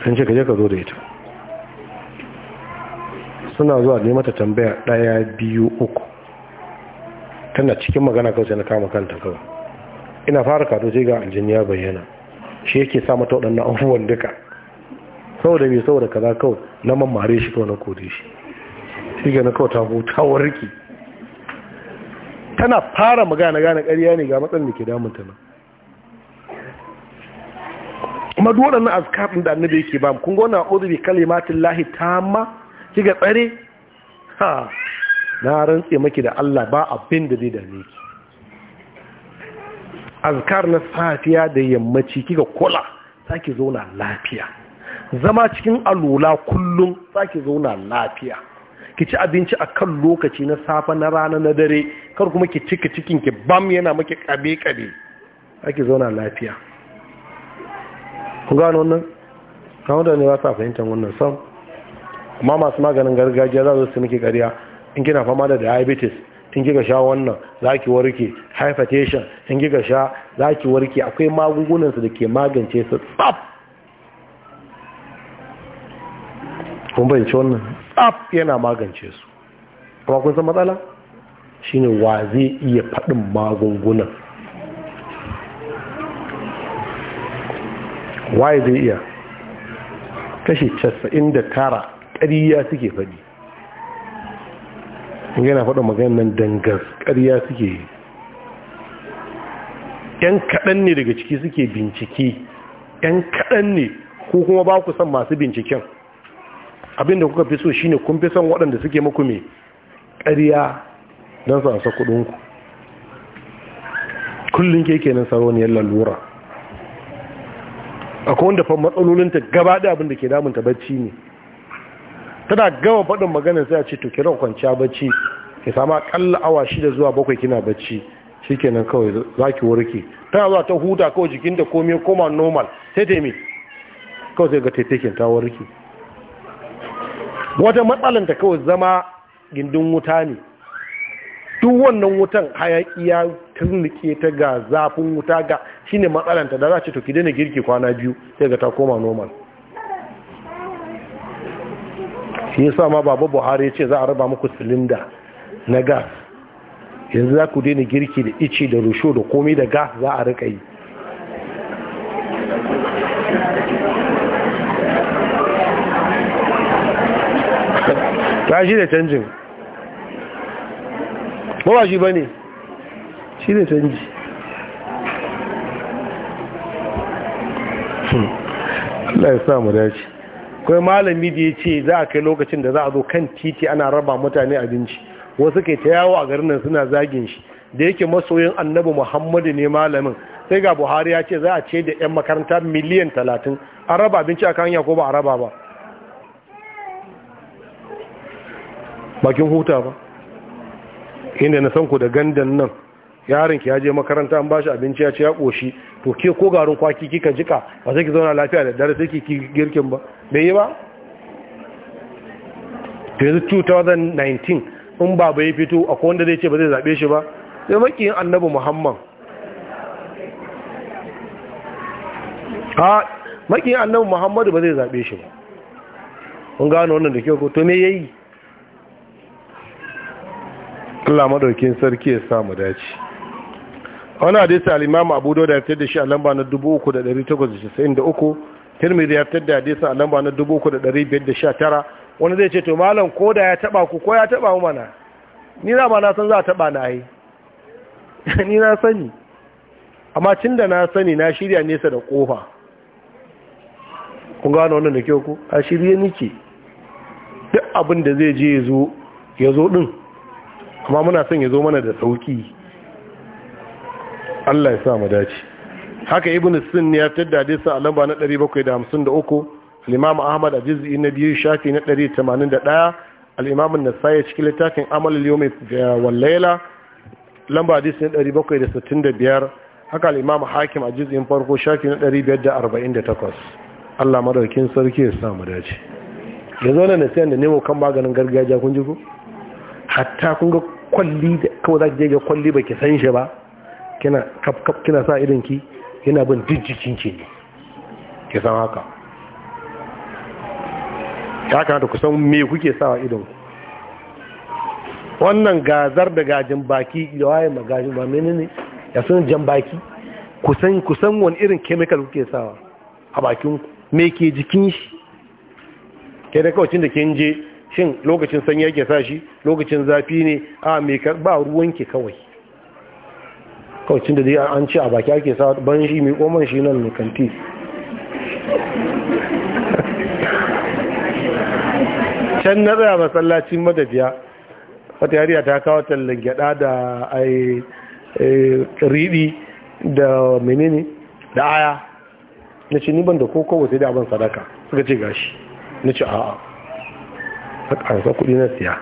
sun ce ka je ka zo da ita suna zuwa ne mata tambaya ɗaya biyu uku tana cikin magana kawai na kama kanta kawai ina fara kato sai ga aljini ya bayyana shi yake sa mata waɗannan abubuwan duka saboda bai saboda kaza kawai na mamare shi kawai na kore shi shi ga na kawai ta huta warki tana fara magana gane ƙarya ne ga matsalin da ke damun ta nan kuma duk waɗannan azkafin da annabi yake ba kun ga a a'udhu kalimatin lahi ta ma. kiga tsare ha na rantse maki da Allah ba abin da zai dame ki azkar na safiya da yammaci kiga kula sake zauna lafiya zama cikin alula kullum sake zauna lafiya ki ci abinci a kan lokaci na safe na rana na dare kar kuma ki cika cikin ki bam yana maki kabe kabe sake zauna lafiya ku gano wannan kawo da ne ba sa fahimtar wannan sam amma masu maganin gargajiya za su su miki ƙarya in kina fama da diabetes in kika sha wannan za ki warke hypertension in kika sha za ki warke akwai magungunansu da ke magance su tsaf kun bayyance wannan tsaf yana magance su amma kun san matsala shine wa zai iya faɗin magungunan waye zai iya kashi 99 ƙariya suke faɗi yana faɗa maganin nan dangas ƙariya suke yi ‘yan kaɗan ne daga ciki suke bincike ‘yan kaɗan ne ko kuma ba ku son masu binciken abinda kuka fi so shi ne kun fi son waɗanda suke muku mai ƙariya don su ansa kuɗinku kullum ke kenan yalla lura akwai wanda fa matsalolinta gaba da abinda ke damunta bacci ne tana gama faɗin maganar sai a ce to kwanciya bacci ki sama akalla awa shida zuwa bakwai kina bacci shikenan kawai za ki warke tana zuwa ta huta kawai jikin da komai koma normal sai ta yi kawai sai ga taitakin ta warke wata matsalin ta kawai zama gindin wuta ne duk wannan wutan hayaki ya turnike ta ga zafin wuta ga shine ne da za ce to ki daina girki kwana biyu sai ga ta koma normal shi yasa ma babu buhari ya ce za a raba muku silinda na gas yanzu za ku daina girki da ice da rusho da komai da gas za a rika yi ta shi da canjin ba shi ba ne shi da canji hmm. Allah ya sa mu dace akwai malami da ya ce za a kai lokacin da za a zo kan titi ana raba mutane abinci wasu ke ta yawo a garin nan suna zagin shi da yake masoyin annabi muhammadu ne malamin sai ga buhari ya ce za a ce da 'yan makaranta miliyan talatin an raba abinci a hanya ko ba a raba ba bakin huta ba inda na san ku da gandan nan yaron ki ya je makaranta an bashi abinci ya ce ya koshi to ke ko garin kwaki kika jika ba sai ki zauna lafiya da dare sai ki girkin ba bai yi ba to yanzu 2019 in ba bai fito a wanda zai ce ba zai zabe shi ba sai yin annabi muhammad ha yin annabi Muhammad ba zai zabe shi ba kun gano wannan da kyau to me yayi Allah madaukin sarki ya samu dace wani hadisi al abu da ya fitar da shi a lamba na 3893 tirmidhi ya fitar da hadisi a lamba na 3519 wani zai ce to malam ko da ya taba ku ko ya taba mu mana ni na ba na san za a taba na yi ni na sani amma cin da na sani na shirya nesa da kofa kun gano wannan da kyau ku a ni nike duk abin da zai je ya zo din amma muna son ya zo mana da sauki Allah ya sa mu dace haka ibn sunni ya fitar da hadisi a lamba na 753 al-imam ahmad a juz'i na biyu shafi na 181 al-imam an-nasai cikin littafin amal al-yawmi wal layla lamba hadisi na 765 haka al-imam hakim a na farko shafi na 548 Allah madaukin sarki ya sa mu dace yanzu nan sai da nemo kan maganin gargajiya kun ji ko hatta kun ga kwalli kawai za ki je ga kwalli ba ki san shi ba kina kaf kina sa idan ki yana bin jijjikin ki ne ki san haka ya kamata ku san me kuke sawa idan ku wannan gazar da gajin baki da waye magajin ba menene ya san jan baki kusan kusan wani irin chemical kuke sawa a bakin ku me ke jikin shi ke da kawacin da kin je shin lokacin sanyi yake sa shi lokacin zafi ne a me ba ruwan ke kawai kawai cin da dai an ci a baki ake sa ban shi mai koman shi nan mai kanti can na tsaya masallacin madadiya. wata yariya ta kawo tallan gyada da ai riɗi da menene da aya na ce ni ban da koko wasu da abin sadaka suka ce gashi na ce a'a a ƙarfa kuɗi na siya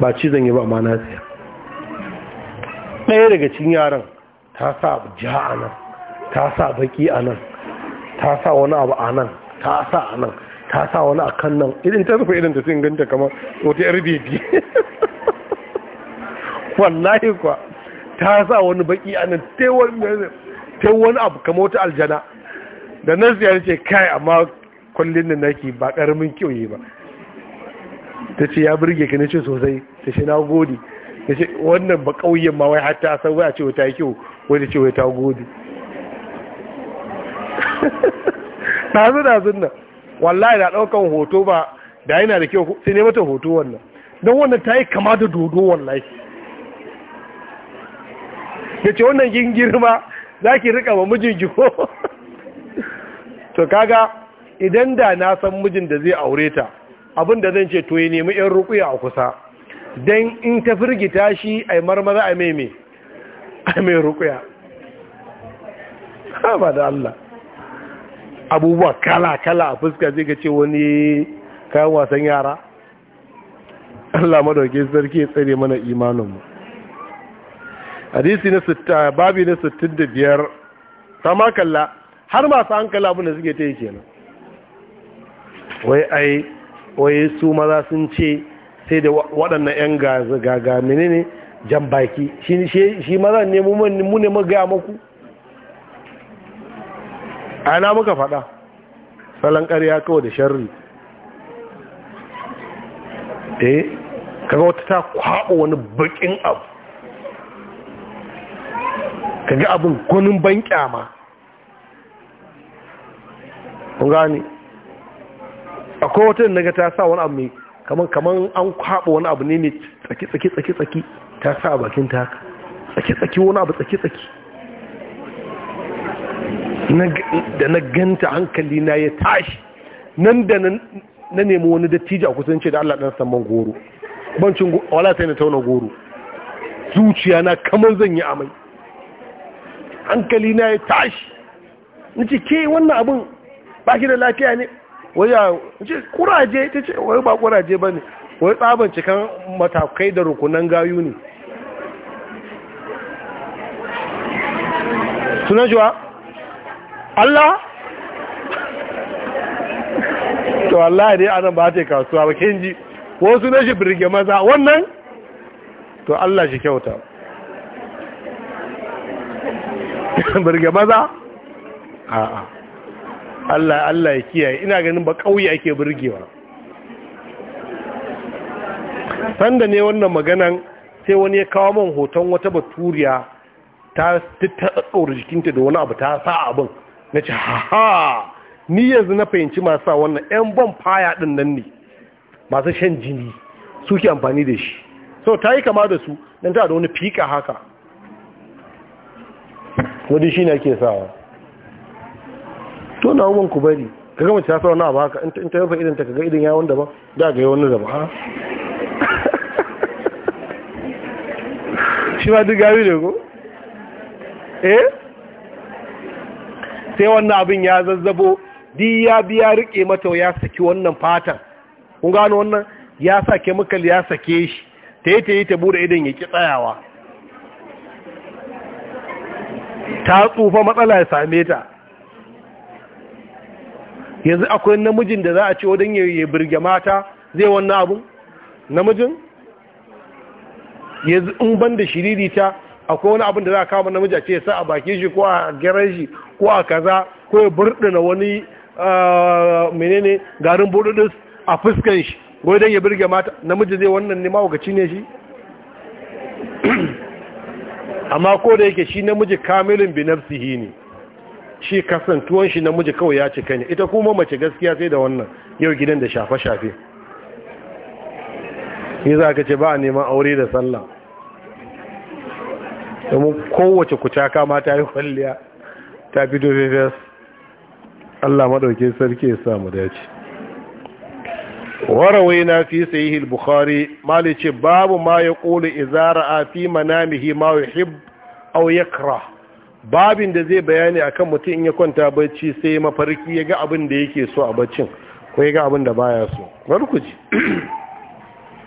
ba cizon yi ba ma na siya ɗaya daga cikin yaran ta sa ja a nan ta sa baki a nan ta sa wani abu a nan ta sa a nan ta sa wani a kan nan irin ta rufe irin ta sun ganta kamar wata yar bebi <laughs> wallahi kuwa ta sa wani baki a nan ta wani abu kamar wata aljana da nan ziyar ce kai amma kwallin da naki ba ƙaramin kyau yi ba ta ce ya birge ka na ce sosai ta shi na gode yace wannan ba kauyen ma wai hatta san wai a ce wata kyau wani ce wai ta gode dazu <laughs> dazun nan wallahi da daukan hoto ba da yana da kyau sai ne mata hoto wannan don wannan ta yi kama da dodo wallahi da ce wannan yin girma za ki rika ma mijin giko <laughs> to kaga idan da na san mijin da zai aure ta abinda zan ce to ya nemi yan rukuya a kusa don in ta firgita shi a marmara a mai a mai rukuya haba da Allah abubuwa kala-kala a fuska zai ka ce wani kayan wasan yara Allah madauke sarki ya tsare mana imaninmu hadisi na babi na da biyar, sama kalla har masu hankala abin da suke ta yi kenan wai ai wai su maza sun ce sai da waɗannan 'yan gaga menene jan baki shi maza ne mu ne magaya maku ana muka faɗa salon ƙarya kawai da sharri eh kaga wata ta kwaɓa wani bakin abu kaga abin gunin ban kyama kun gani akwai wata yin ta sa wani abu mai kamar kamar an kwaɓa wani abu ne ne tsaki tsaki tsaki tsaki ta sa a bakin ta haka tsaki tsaki wani abu tsaki tsaki da na ganta hankali na ya tashi nan da na nemi wani dattijo a ce da Allah dan saman goro bancin wala sai na tauna goro zuciya na kamar zan yi amai hankali na ya tashi nace ke wannan abin ba ki da lafiya ne waya ce kuraje ta ce wai ba kuraje ba ne wai tsaban cikan matakai da rukunan gayu ne suna shi Allah to Allah dai anan ba ta kasuwa ba kin ji wasu na shi birge maza wannan to Allah shi kyauta <coughs> birge maza a'a Allah Allah ya kiyaye ina ganin ba kauye ake burgewa sanda ne wannan maganan sai wani ya kawo min hoton wata baturiya ta tsaura jikinta da wani abu ta sa abin na ce ha ni yanzu na fahimci masu sa wannan 'yan ban faya ɗin nan ne masu shan jini suke amfani da shi so ta yi kama da su don ta da wani fika haka wani shi ne ake sawa to na uban ku bari ka gama ta sauna ba haka in ta rufe idan ta kaga idan yawon daban da ga yawon daban ha <laughs> shi ba duk gari da ko eh sai wannan abin ya zazzabo di ya biya rike mata ya saki wannan fatan kun gano wannan ya sa chemical ya sake shi ta yi ta yi ta bude idan ya ki tsayawa ta tsufa matsala ya same ta yanzu akwai namijin da za a ce wadon ya birge mata zai wannan abu namijin yanzu in ban da shiririta akwai wani abin da za a kama namiji a ce sa a bakin shi ko a gyaran shi ko a kaza ko ya burdina wani ah, menene garin burdudus a fuskan shi ko ya birge mata namiji zai wannan ne mawukaci ne shi <clears throat> amma ko da yake shi namiji kamilin bi nafsihi ne shi kasantuwan shi namiji kawai ya cika ne ita kuma mace gaskiya sai da wannan yau gidan da shafe-shafe yi za ka ce ba a neman aure da sallah domin kowace kucaka ma ta yi kwalliya ta fito fefes Allah maɗauki sarki ya samu dace warawai na fi sayi bukhari mali babu ma ya ƙoli izara a fi manamihi ma ya hib au babin da zai bayani akan mutum in ya kwanta bacci sai mafarki ya ga abin da yake so a baccin ko ya ga abin da baya so bari ku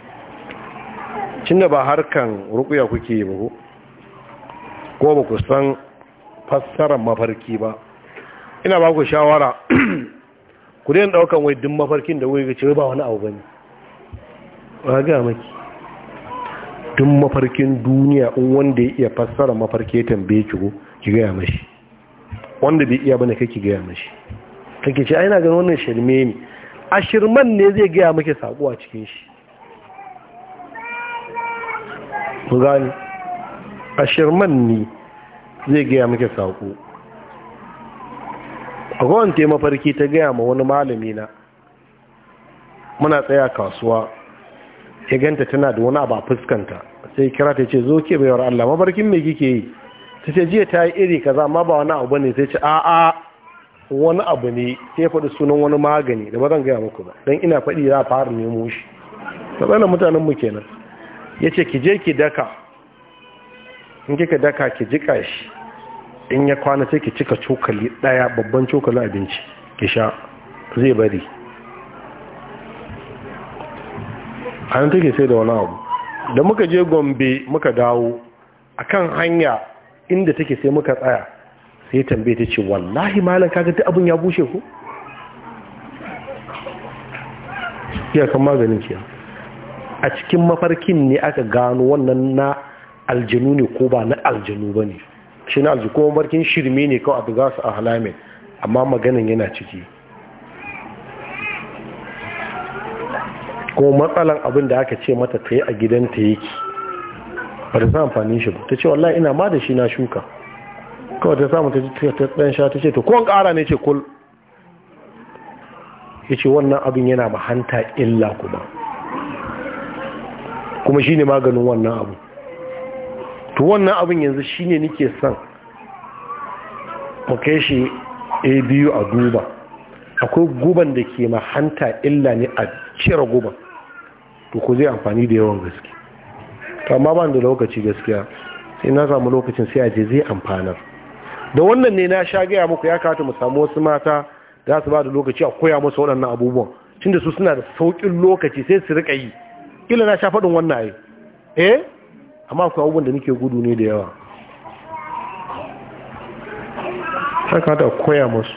<clears throat> cin da ba harkan rukuya kuke yi ba ko ba ku san fassarar mafarki ba ina ba ku shawara <clears throat> ku dai daukan wai duk mafarkin da wai ce ba wani abu bane ba ga maki duk mafarkin duniya in wanda ya iya fassara mafarki ya tambaye ki ko ki gaya mashi wanda bai iya bane kai ki gaya mashi kake ce ai na ganin wannan shirme ne a shirman ne zai gaya maki sako a cikin shi ku gani a shirman ne zai gaya maki sako a kowane te mafarki ta gaya ma wani malami na muna tsaya kasuwa ya ganta tana da wani abu a fuskanta sai kira ta ce zo ke bayar Allah mafarkin me kike yi ta ce jiya ta yi iri kaza ma ba wani abu ne sai ce a'a wani abu ne sai faɗi sunan wani magani da ba zan gaya muku ba don ina faɗi za a fara nemo shi matsalar mutanen mu kenan ya ce ki je ki daka in kika daka ki jika shi in ya kwana sai ki cika cokali ɗaya babban cokali abinci ki sha zai bari a nan take sai da wani abu da muka je gombe muka dawo akan hanya inda take sai muka tsaya sai tambaye ta ce wallahi malam kaga duk abin ya bushe ku kan maganin ke a cikin mafarkin ne aka gano wannan na aljanu ne ko ba na aljanu ba ne shi na aljanu kuma mafarkin shirme ne kawai abu za su a halame amma maganin yana ciki kuma matsalan abin da aka ce mata ta yi a gidanta yake ba ta samun amfanin shi ta ce wallahi ina ma da shi na shuka kawai ta samu ta ɗan sha ta ce to kowane ƙara ne ce kul ya ce wannan abin yana mahanta illa kuma kuma shi ne maganin wannan abu to wannan abin yanzu shi ne nike son ok shi a biyu a duba akwai guban da ke mahanta illa ne a cire guban to ku zai amfani da yawan gaske amma ban da lokaci gaskiya sai na samu lokacin sai a je zai amfanar da wannan ne na sha gaya muku ya kata mu samu wasu mata za su ba da lokaci a koya musu waɗannan abubuwan da su suna da sauƙin lokaci sai su riƙa yi kila na sha faɗin wannan ai eh amma akwai abubuwan da nake gudu ne da yawa haka ta koya musu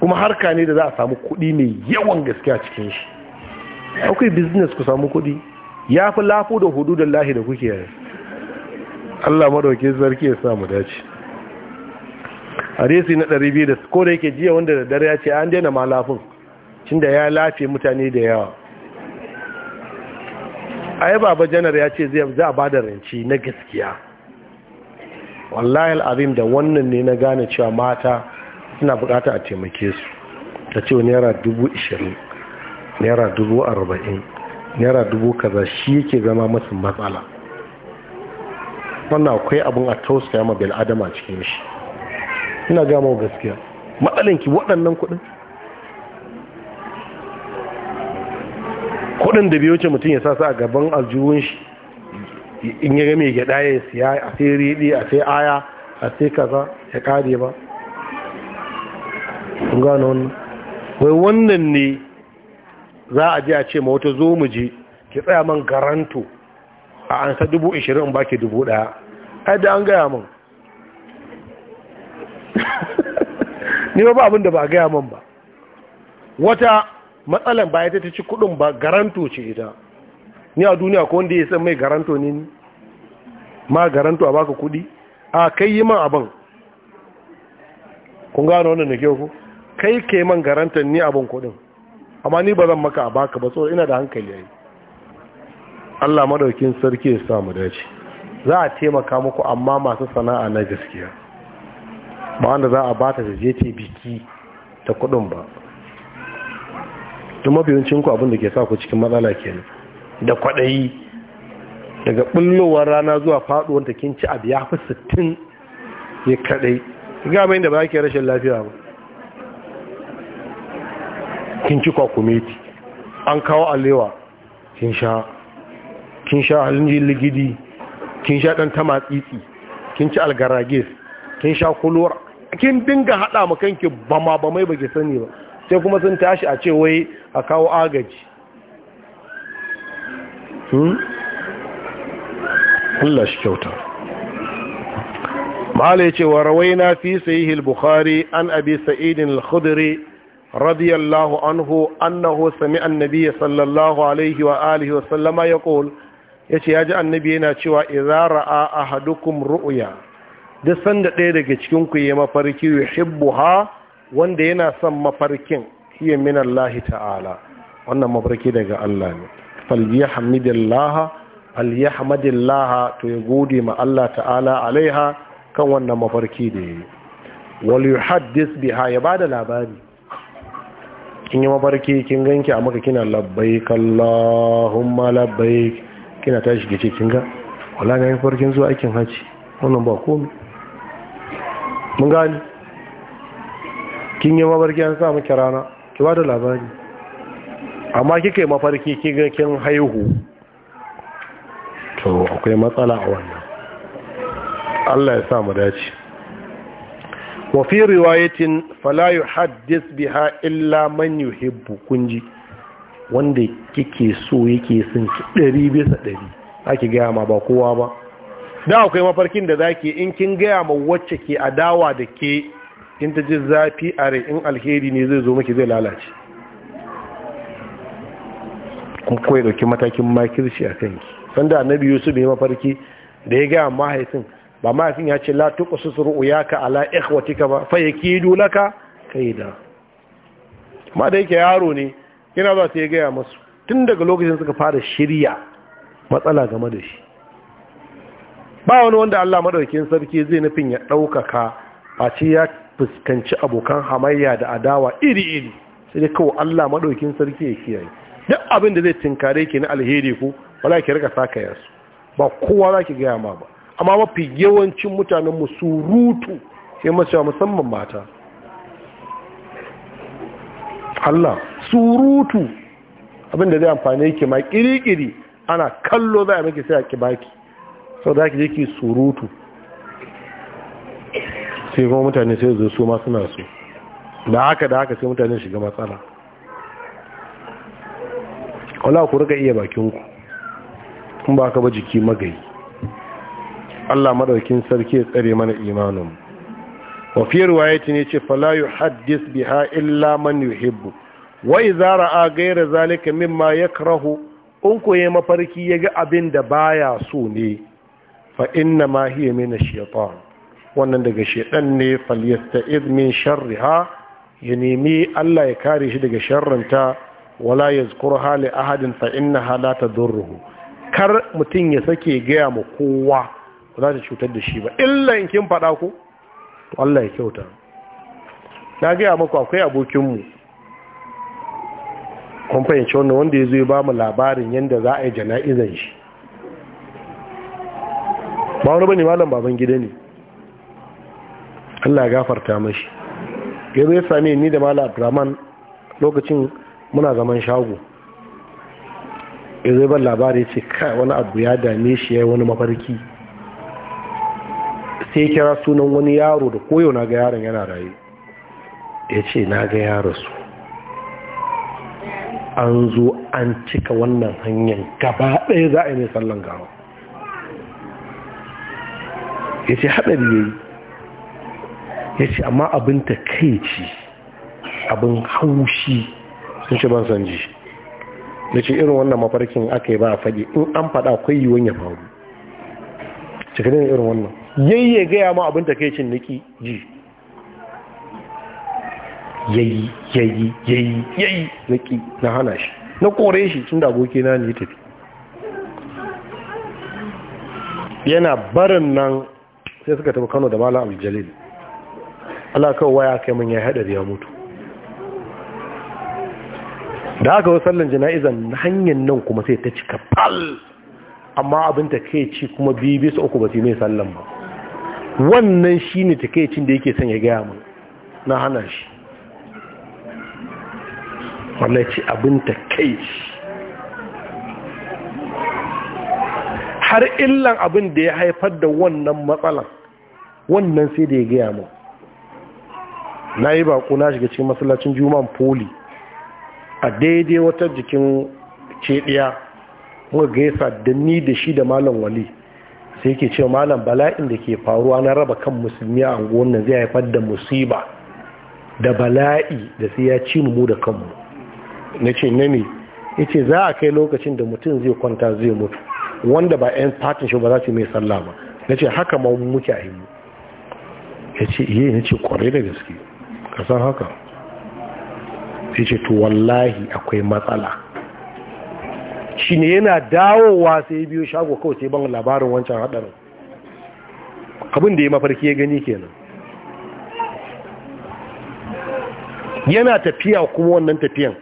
kuma harka ne da za a samu kuɗi mai yawan gaskiya cikin shi akwai business ku samu kuɗi ya fi lafu da hududun lahi da kuke yi Allah madauki zarki ya samu dace hadisi na 200 ko da yake jiya wanda da dare ya ce an daina malafin da ya lafi mutane da yawa ai baba janar ya ce zai za a bada ranci na gaskiya wallahi al'azim da wannan ne na gane cewa mata suna bukata a taimake su ta ce naira dubu ishirin naira dubu arba'in naira dubu kaza shi yake zama masu matsala wannan akwai abin a tausaya ma adama cikin shi ina gama gaskiya matsalinki waɗannan kuɗin kuɗin da biyu ce mutum ya sasa a gaban aljuhun shi in ya game ya ɗaya siya a sai riɗi a sai aya a sai kaza ya ƙare ba wannan wannan ne za a je a ce ma wata zo mu je ki tsaya man garanto a an sa dubu ishirin ba ki dubu ɗaya ai da an gaya man <laughs> ni ba abin da ba gaya man ba wata matsalan ba ita ta ci kudin ba garanto ce ita ni a duniya ko wanda ya san mai garanto ne ni ma garanto a baka kudi a kai yi man abin kun gano wannan da kyau ku kai ke man garantan ni abin kudin amma ni ba zan maka a baka ba saboda ina da hankali yayi Allah maɗaukin sarki ya sa mu dace za a taimaka muku amma masu sana'a na gaskiya ba wanda za a bata da je biki ta kudin ba tun mafiyancin ku abin da ke sa ku cikin matsala kenan da kwaɗayi daga bullowar rana zuwa faɗuwan ta kin ci abu ya fi sittin ya kaɗai ga mai da ba ke rashin lafiya ba kin ci kwakumeti an kawo alewa kin sha kin sha halin ligidi kin sha dan matsitsi kin ci algarages kin sha kulura kin dinga hada ma kanki bama bamai baki sani ba sai kuma sun tashi a ce wai a kawo agaji hmm Allah shi kyauta ce wa rawaina fi sayi bukhari an abi sa'id al-khudri radiyallahu anhu annahu sami annabi sallallahu alaihi wa wa sallama yaqul yace ya ji annabi yana cewa idza ra'a ahadukum ru'uya. duk sanda ɗaya daga cikin ku ya mafarki ha wanda yana son mafarkin hiya min Allah ta'ala wannan mafarki daga Allah ne falyahmidillah Laha, to ya gode ma Allah ta'ala alaiha kan wannan mafarki da yayi wal haddis biha ya bada labari kin yi mafarki kin ganki a maka kina labbaik Allahumma labai kina tashi kice kin ga wala na yi farkin zuwa aikin haji wannan ba komai mun gani kin yi mafarki an sa miki rana ki bada labari amma kika yi mafarki kin ga kin haihu to akwai matsala a wannan Allah ya sa mu dace wa fi riwayatin fala yuhaddis biha illa man yuhibbu kunji wanda kike so yake son ki ɗari bisa ɗari ake gaya ma ba kowa ba da akwai mafarkin da zaki in kin gaya ma wacce ke adawa da ke in ta ji zafi a rai in alheri ne zai zo miki zai lalace kun koyi dauki matakin makirci a kanki sanda annabi yusuf ne mafarki da ya gaya mahaifin ba ma ya ce la tuqsus ka ala ikhwatika ba fa yakidu laka kaida ma da yake yaro ne yana za su ya gaya masu tun daga lokacin suka fara shirya matsala game da shi ba wani wanda Allah maɗaukin sarki zai nufin ya ɗaukaka ce ya fuskanci abokan hamayya da adawa iri-iri sai dai kawai Allah maɗaukin sarki ya kiyaye duk abin da zai tinkare ki na alheri ko wala ki rika saka ba kowa za ki gaya ma ba amma mafi yawancin mutanen mu surutu sai mace musamman mata Allah surutu abinda zai amfani yake ma kirikiri ana kallo za a maki sai a kibaki sau da ake yake surutu sai kuma mutane sai zo su ma suna da haka da haka sai mutane shiga matsala wala ku rika iya bakinku Kuma ba ka ba jiki magayi Allah madaukin sarki ya tsare mana imanin wa fi riwayati ne ce fala yuhaddis biha illa man yuhibbu wa idza ra'a ghayra zalika mimma yakrahu in ko yayi mafarki yaga abin da baya so ne fa inna ma hiya min ash-shaytan wannan daga shedan ne falyasta'iz min sharriha ya nemi Allah ya kare shi daga sharranta wala yazkurha li ahadin fa innaha la tadurruhu kar mutun ya sake gaya mu kowa za ta cutar da shi ba illa in kin faɗa ko to Allah ya kyauta na gaya maku akwai abokinmu kun fahimci wanda ya zo ya ba mu labarin yadda za a yi jana'izan shi ba wani bane malam baban gida ne Allah ya gafarta mashi ya zai ya ni da malam abdurrahman lokacin muna zaman shago ya zo ban labari ce kai wani abu ya dame shi ya yi wani mafarki sai kira sunan wani yaro da koyo na ga yaron yana rayu ya ce na ga yaro su an zo an cika wannan hanyar gaba ɗaya za a yi mai sallan gawa ya ce haɗari ya yi ya ce amma abin ta kai ce abin haushi sun ce ban sanji da ce irin wannan mafarkin aka yi ba a faɗi in an faɗa akwai yiwuwan ya faru cikin irin wannan yayye gaya ma abin cin niki ji yayi yayi yayi yayi niki na hana shi na kore shi tun da aboki na ne tafi yana barin nan sai suka tafi Kano da Malam Abdul Allah kawai waya kai mun ya hadari ya mutu da aka wasu sallan jana'izan hanyar nan kuma sai ta cika fal amma abin ta kai ci kuma biyu su uku ba su yi mai sallan ba wannan shi ne takeicin da yake son ya gaya mu na hana shi wannan ce abin shi. har illan abin da ya haifar da wannan matsalan wannan sai da ya gaya mu na yi baƙo na shiga cikin masallacin juman poli a daidai wata jikin ɗaya muka gaisa da ni da shi da malam wali sai ke cewa malam bala'in da ke faruwa na raba kan musulmi a unguwar nan zai haifar da musiba da bala'i da sai ya ci mu da kanmu na ce na ne ya ce za a kai lokacin da mutum zai kwanta zai mutu wanda ba 'yan fatin shi ba za su mai sallah ba na ce haka ma muke a yi ya ce iya ya ce kwarai da gaske ka san haka ya ce to wallahi akwai matsala shi ne yana dawowa sai ya biyo shago kawai sai ban labarin wancan haɗarin abin da ya mafarki ya gani kenan yana tafiya kuma wannan tafiyan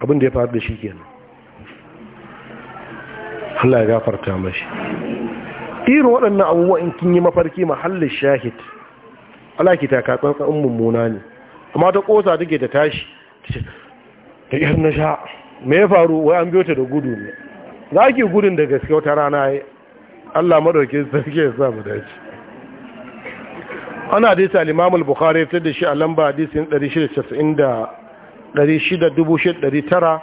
abin da ya faru da shi kenan Allah ya gafarta mashi irin waɗannan abubuwa in kin yi mafarki mahallin shahid Allah ki taka tsantsan mummuna ne amma ta ƙosa take ta tashi ta yar na me ya faru wai an biyo ta da gudu ne za ki gudun da gaske wata rana ya Allah madauki sarki ya sa mu dace ana hadisi al-Imam al-Bukhari ya da shi a lamba hadisin 690 6,985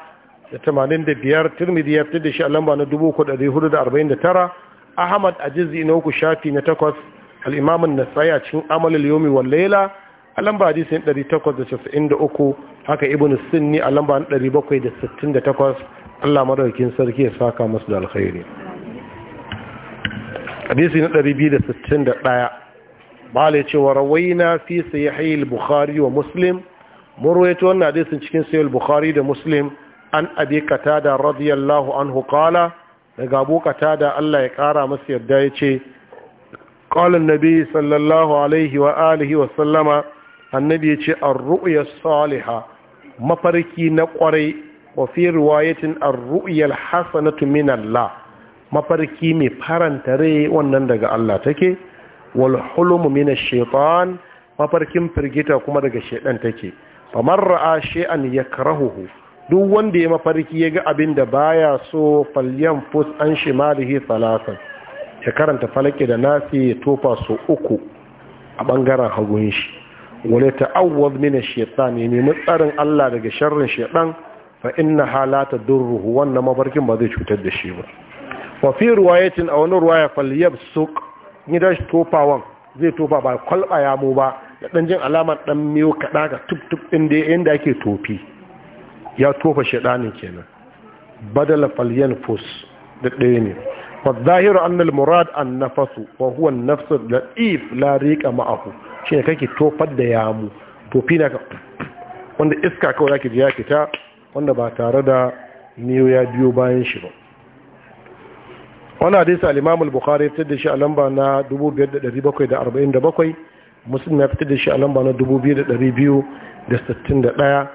Tirmidhi ya da shi a lamba na 4,449 Ahmad a na uku shafi na takwas al-Imam an-Nasai a cikin amalul yomi wal laila a lamba hadisin 893 haka ibn sunni a lamba 768 Allah madaukin sarki ya saka masu da alkhairi hadisi na 261 ba ce cewa rawaina fi sahihi al-bukhari wa muslim murwayatu wannan hadisin cikin sahih al-bukhari da muslim an abi qatada radiyallahu anhu qala daga abu qatada Allah ya kara masa yadda yace qala an-nabi sallallahu alaihi wa alihi wa sallama annabi ya ce an ruya Saliha, mafarki na kwarai wa fi riwayatin an ruya hasanatu min Allah mafarki mai faranta rai wannan daga Allah take wal min shaitan mafarkin firgita kuma daga shedan take famar ra'a shay'an yakrahuhu duk wanda ya mafarki ya ga abin da baya so falyan fus an shimalihi salasan ya karanta falake da nasi ya tofa so uku a bangaren hagun wani ta'awwaz mina shaitan ya nemi tsarin Allah daga sharrin shaitan fa inna halata durruhu wannan mabarkin ba zai cutar da shi ba wa fi ruwayatin a wani ruwaya falyab suk gidan tofawan zai tofa ba kwalba ya mu ba da dan jin alamar dan miyo kada ga tup tup din da yanda ake tofi ya tofa shaitanin kenan badala falyan fus da ɗaya ne فالظاهر أن المراد النفس وهو النفس اللطيف لا ريق معه شيء kake tofar da yamu tofi na wanda iska kawai zaki ji ya fita wanda ba tare da miyo ya biyo bayan shi ba wannan hadisi al-Imam al-Bukhari ya fitar da shi a lamba na 2747 Muslim ya fitar da shi a lamba na 2261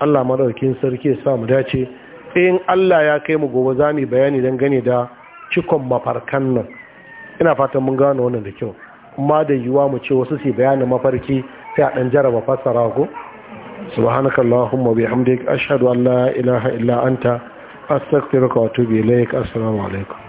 Allah madaukakin sarki ya sa mu dace in Allah ya kai mu gobe zamu bayani dangane da cikon mafarkan nan ina fatan mun gano wannan da kyau amma da yiwuwa mu ce wasu su bayanin mafarki sai a dan jaraba fassara ko subhanaka allahumma bihamdik ashhadu an la ilaha illa anta astaghfiruka wa atubu ilaik assalamu alaikum